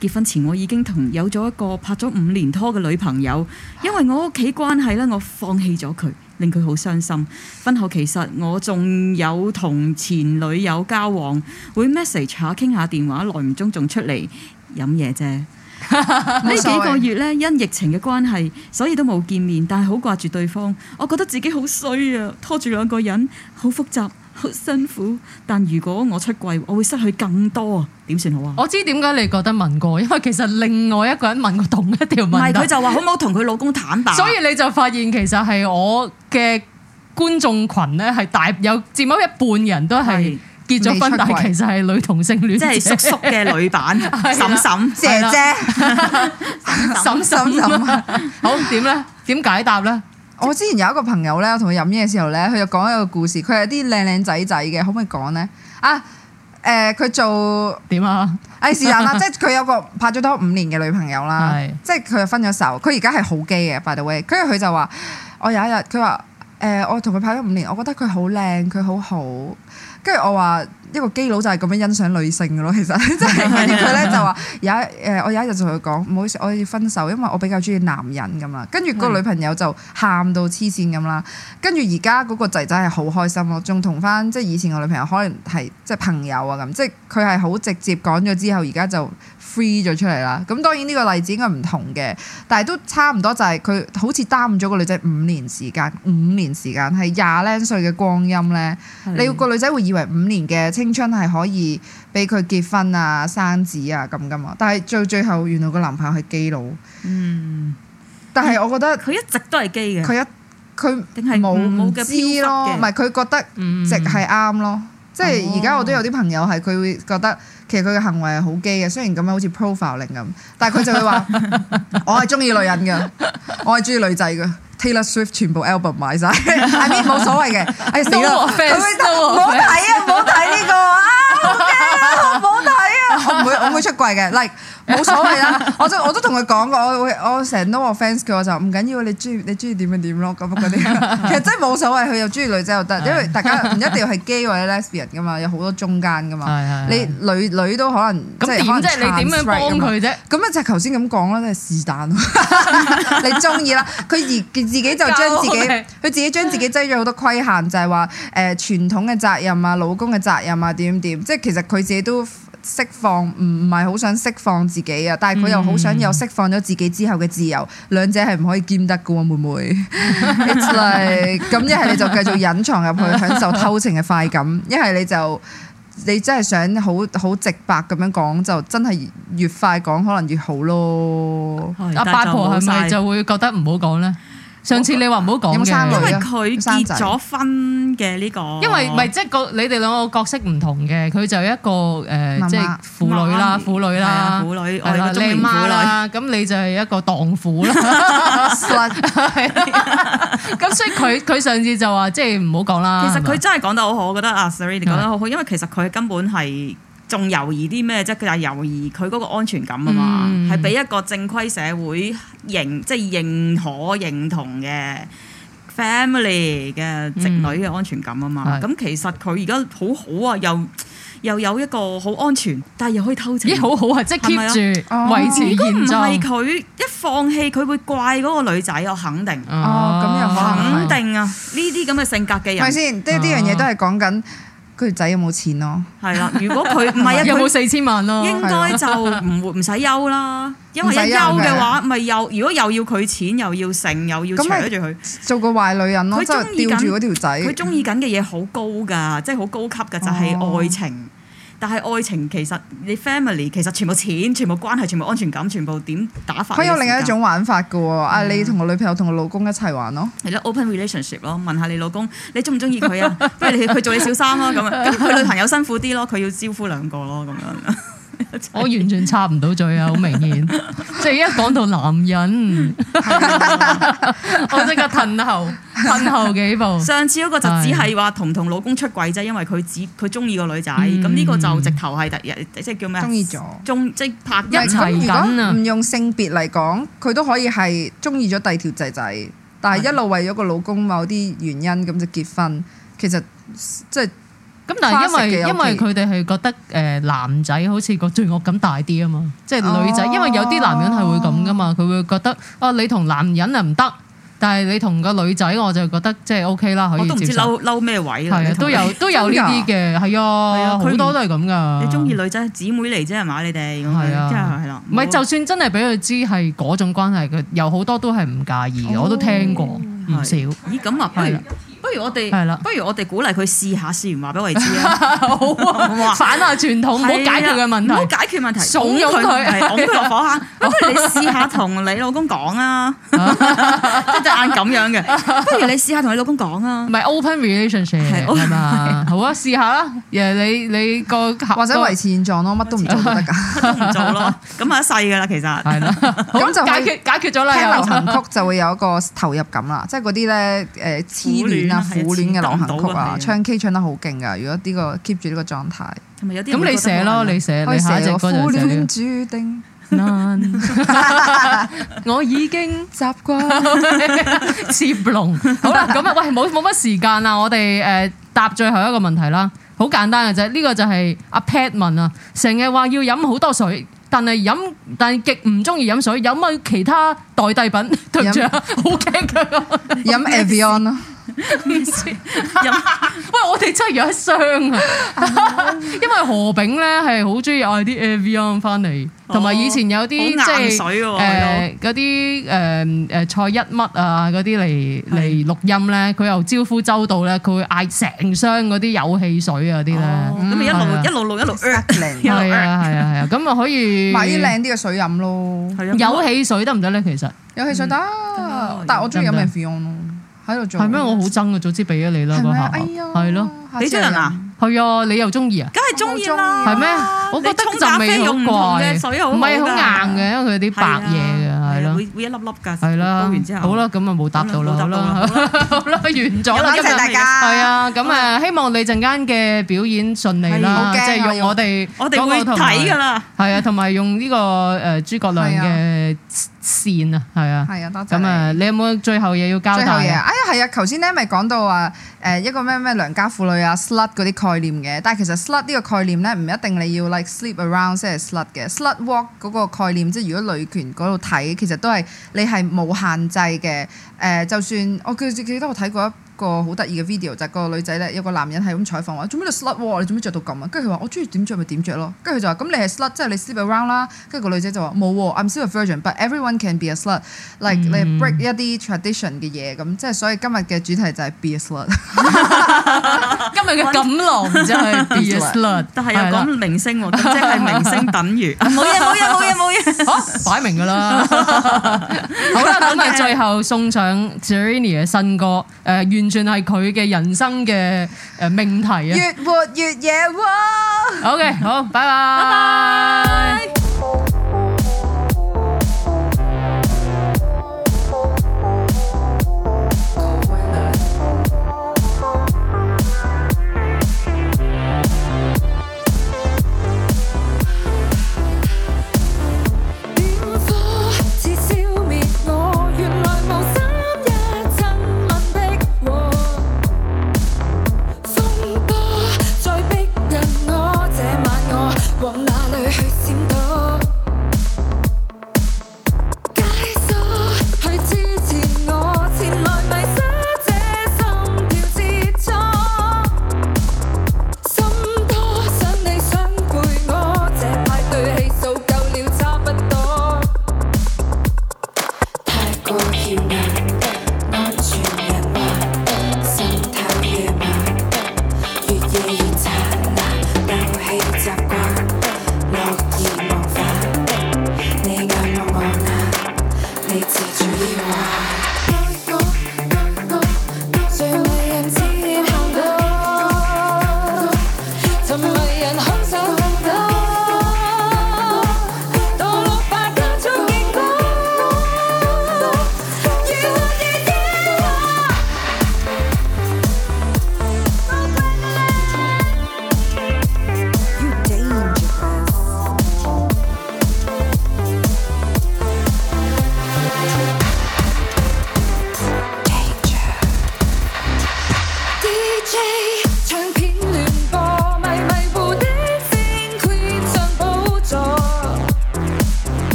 結婚前我已經同有咗一個拍咗五年拖嘅女朋友，因為我屋企關係咧，我放棄咗佢，令佢好傷心。婚後其實我仲有同前女友交往，會 message 下傾下電話，耐唔中仲出嚟飲嘢啫。
呢 幾個月
呢，因疫情嘅關係，所以都冇見面，但係好掛住對方。我覺得自己好衰啊，拖住兩個人，好複雜，好辛苦。但如果我出櫃，我會失去更多啊，點
算好啊？我知點解你覺得問過，因為其實另外一個人問過同一條問題。唔係，佢就話，好唔好
同佢老公坦白啊？ 所以你就
發現，其實係我嘅觀眾群呢，係大有至少一半人都係。結咗婚，但其實係女同性戀，即係叔叔嘅女版、嬸嬸、姐姐、
嬸嬸。
好
點咧？點解答咧？我之前有一個朋友咧，我同佢飲嘢嘅時候咧，佢就講一個故事。佢係啲靚靚仔仔嘅，可唔可以講咧？啊，誒，佢做點啊？誒，是但啦，即係佢有個拍咗多五年嘅女朋友啦，即係佢又分咗手。佢而家係好基嘅，by the way。跟住佢就話：我有一日，佢話誒，我同佢拍咗五年，我覺得佢好靚，佢好好。跟住我話一個基佬就係咁樣欣賞女性嘅咯，其實真係佢咧就話、是、 有誒，我有一日就同佢講，唔好意思，我要分手，因為我比較中意男人咁啦。跟住個女朋友就喊到黐線咁啦。跟住而家嗰個仔仔係好開心咯，仲同翻即係以前個女朋友可能係即係朋友啊咁，即係佢係好直接講咗之後，而家就。free 咗出嚟啦，咁當然呢個例子應該唔同嘅，但係都差唔多就係佢好似耽誤咗個女仔五年時間，五年時間係廿零歲嘅光陰咧。是你個女仔會以為五年嘅青春係可以俾佢結婚啊、生子啊咁嘅嘛，但係最最後原來個男朋友係基佬。嗯，
但係我覺得佢一直都係基嘅，
佢一佢定係冇冇嘅偏執嘅，唔係佢覺得直係啱咯。嗯、即係而家我都有啲朋友係佢會覺得。其實佢嘅行為係好 g 嘅，雖然咁樣好似 profileing 咁，但係佢就會話 我係中意女人嘅，我係中意女仔嘅。Taylor Swift 全部 album 買曬，下邊，冇所謂嘅。 哎死咯，佢會冇睇啊，唔好睇呢
個啊，好驚啊，好睇。 我唔會，我唔會出櫃嘅，like 冇所謂啦。 我，就我都我
都同佢講過，我會我成日 no offence 佢，我就唔緊要。你中意你中意點咪點咯咁嗰啲。其實真係冇所謂，佢又中意女仔又得，因為大家唔一定係 gay 或者 lesbian 噶嘛，有好多中間噶嘛。 你女女都可能 即係即係你點樣幫佢啫？咁咪就係頭先咁講咯，係是但、啊。 你中意啦，佢而自己就將自己佢 自己將自己擠咗好多規限，就係話誒傳統嘅責任啊、老公嘅責任啊點點，即係其實佢自己都。釋放唔唔係好想釋放自己啊，但係佢又好想有釋放咗自己之後嘅自由，嗯、兩者係唔可以兼得㗎喎，會唔會？一係咁，一係你就繼續隱藏入去享受偷情嘅快感，一係你就你真係想好好直白咁樣講，就真係越快講可能越好咯。阿八婆係咪就
會覺得唔好講咧？上次你話唔好講嘅，因為佢結咗婚嘅
呢、這個，因為唔係即
係個你哋兩個角色唔同嘅，佢就一個誒，即係婦女啦，婦女啦，婦女，我哋個中年婦女啦，咁媽你就係一個蕩婦啦。咁所以佢佢上次就話即係唔好講啦。其實佢
真係講得好好，我覺得阿 Serrini 你講得好好，因為其實佢根本係。仲猶豫啲咩啫？佢係猶豫佢嗰個安全感啊嘛，係俾、嗯、一個正規社會認即係認可認同嘅 family 嘅侄女嘅安全感啊嘛。咁、嗯、其實佢而家好好啊，又又有一個好安全，但係又可以偷情。好、嗯、好啊，即係 keep 住維持現狀。如果唔係佢一放棄，佢會怪嗰個女仔。我肯定咁又、哦嗯、肯定啊！呢啲咁嘅性格嘅人，係先？即呢樣嘢都係
講緊。啊啊啊條仔有冇錢咯？
係啦，如果佢唔係啊，有冇四千萬咯？ 應該就唔唔使休啦， 因為一休嘅話，咪又如果又要佢錢，又要剩，又要扯住佢，
做個壞女人咯。佢中意緊嗰條仔，佢
中意緊嘅嘢好高㗎，即係好高級㗎，就係、是、愛情。哦。但係愛情其實你 family 其實全部錢全部關係全部安全感全部點打發？佢有另一種
玩法㗎喎！
阿、嗯、你同我女朋友同我,我老
公一齊玩咯，
係咯 open relationship 咯，問下你老公你鍾唔鍾意佢啊？ 不如你佢做你小三啦咁啊，佢女朋友辛苦啲咯，佢要招呼兩個咯咁樣。
我完全插唔到嘴啊！好明顯，即係 一講到男人， 我即刻褪後，褪後幾步。上次嗰個就只係話
同同老公出軌啫，因為佢只佢中意個女仔，咁呢、嗯、個就直頭係第即係叫咩？中意咗中即拍一齊咁。唔
用性別嚟講，佢都可以係中意咗第二條仔仔，但係一路為咗個老公某啲原因咁就結婚，其
實即係。
咁但係因為因為佢
哋係覺得誒男仔好似個罪惡感大啲啊嘛，即係女仔，因為有啲男人係會咁噶嘛，佢會覺得哦你同男人啊唔得，但係你同個女仔我就覺得即係 O K 啦，可以接受。我都唔知嬲嬲咩位啦。係啊，都有都有呢啲嘅，係啊，好多都係咁噶。你中意女
仔姊妹嚟啫，係嘛你哋？
係啊，係咯。唔係就算真係俾佢知係嗰種關係，佢有好多都係唔介意嘅，我都聽過唔少。咦，咁啊，係啦。
不如我哋係啦，不如我哋鼓勵佢試下，試完話俾
我哋知啦。好啊，反下傳統，唔好解決嘅問題，唔好解
決問題，慫恿佢，佢落火坑。不如你試下同你老公講啊，即係硬咁樣嘅。
不如你試下同你老公講啊，唔係 open relationship 啊嘛。好啊，試下啦。你你個或者維持現狀咯，乜都唔做都得噶，
唔做咯。咁啊，一世噶啦，其實係啦。咁就解決解決咗啦。聽流行曲
就會有一個投入感啦，即係嗰啲咧誒，癡戀啊。苦戀嘅流行曲啊，唱 K 唱得好勁噶。如果呢個 keep 住呢個狀態，咁你寫咯，你寫，可以寫苦戀注定難。
我已經習慣接龍。好啦，咁啊，喂，冇冇乜時間啊，我哋誒答最後一個問題啦。好簡單嘅啫，呢個就係阿 Pat 問啊，成日話要飲好多水，但係飲但係極唔中意飲水，飲乜其他代替品？隊長，好驚噶，飲 Avion 啊！唔知，喂，我哋真係有一箱啊！因為何炳咧係好中意嗌啲 Evian 翻嚟，同埋以前有啲即係誒嗰啲誒誒蔡一乜啊嗰啲嚟嚟錄音咧，佢又招呼周到咧，佢會嗌成箱嗰啲有汽水啊啲咧，咁
咪一路一路錄一路靚，
係啊係啊係啊，咁啊可以買啲靚啲嘅
水飲咯，有汽
水得唔得咧？其實
有汽水得，但我中意飲
Evian 咯。係咩？我好憎啊！早知俾咗你啦，吓。係咯，你中人啊？係啊，你又中意啊？梗係中意啦。係咩？我覺得陣味好怪，水好唔係好硬嘅，因為佢啲白嘢嘅，係咯。會會一粒粒㗎。係啦。沖完之後，好啦，咁啊冇答到啦，好啦，完咗啦。多謝大家。係啊，咁啊，希望你陣間嘅表演順利啦。即係用我哋我哋會睇㗎啦。係啊，同埋用呢個誒諸葛亮嘅。線
啊，係啊，多
謝你，咁啊，你有冇最後嘢要交代最後嘢？哎呀，
係啊，頭先咧咪講到話誒一個咩咩良家婦女啊，slut 嗰啲概念嘅，但係其實 slut 呢個概念咧，唔一定你要 like sleep around 先係 slut 嘅，slut walk 嗰個概念，即係如果女權嗰度睇，其實都係你係冇限制嘅。誒、呃，就算我、哦、記得記得我睇過一個好得意嘅 video 就係個女仔咧，有個男人係咁採訪話：做咩 slut 你做咩著到咁啊？跟住佢話：我中意點着咪點着咯。跟住佢就話：咁你係 slut，即係你 sleep around 啦。跟住個女仔就話：冇，I'm still a virgin，but everyone can be a slut like,、嗯。like break 一啲 tradition 嘅嘢咁，即係所以今日嘅主題就係 be a slut。
今日嘅錦囊真係 be a slut，
但係又講
明星，即係了明星
等於冇嘢冇嘢冇嘢冇嘢，擺明㗎啦。 好啦，咁咪最後送上 Serrini 嘅新歌誒、呃完全係佢嘅人生嘅誒命題啊！越活越
惹禍㗎、哦。O、okay, K，好，拜拜拜拜。Bye bye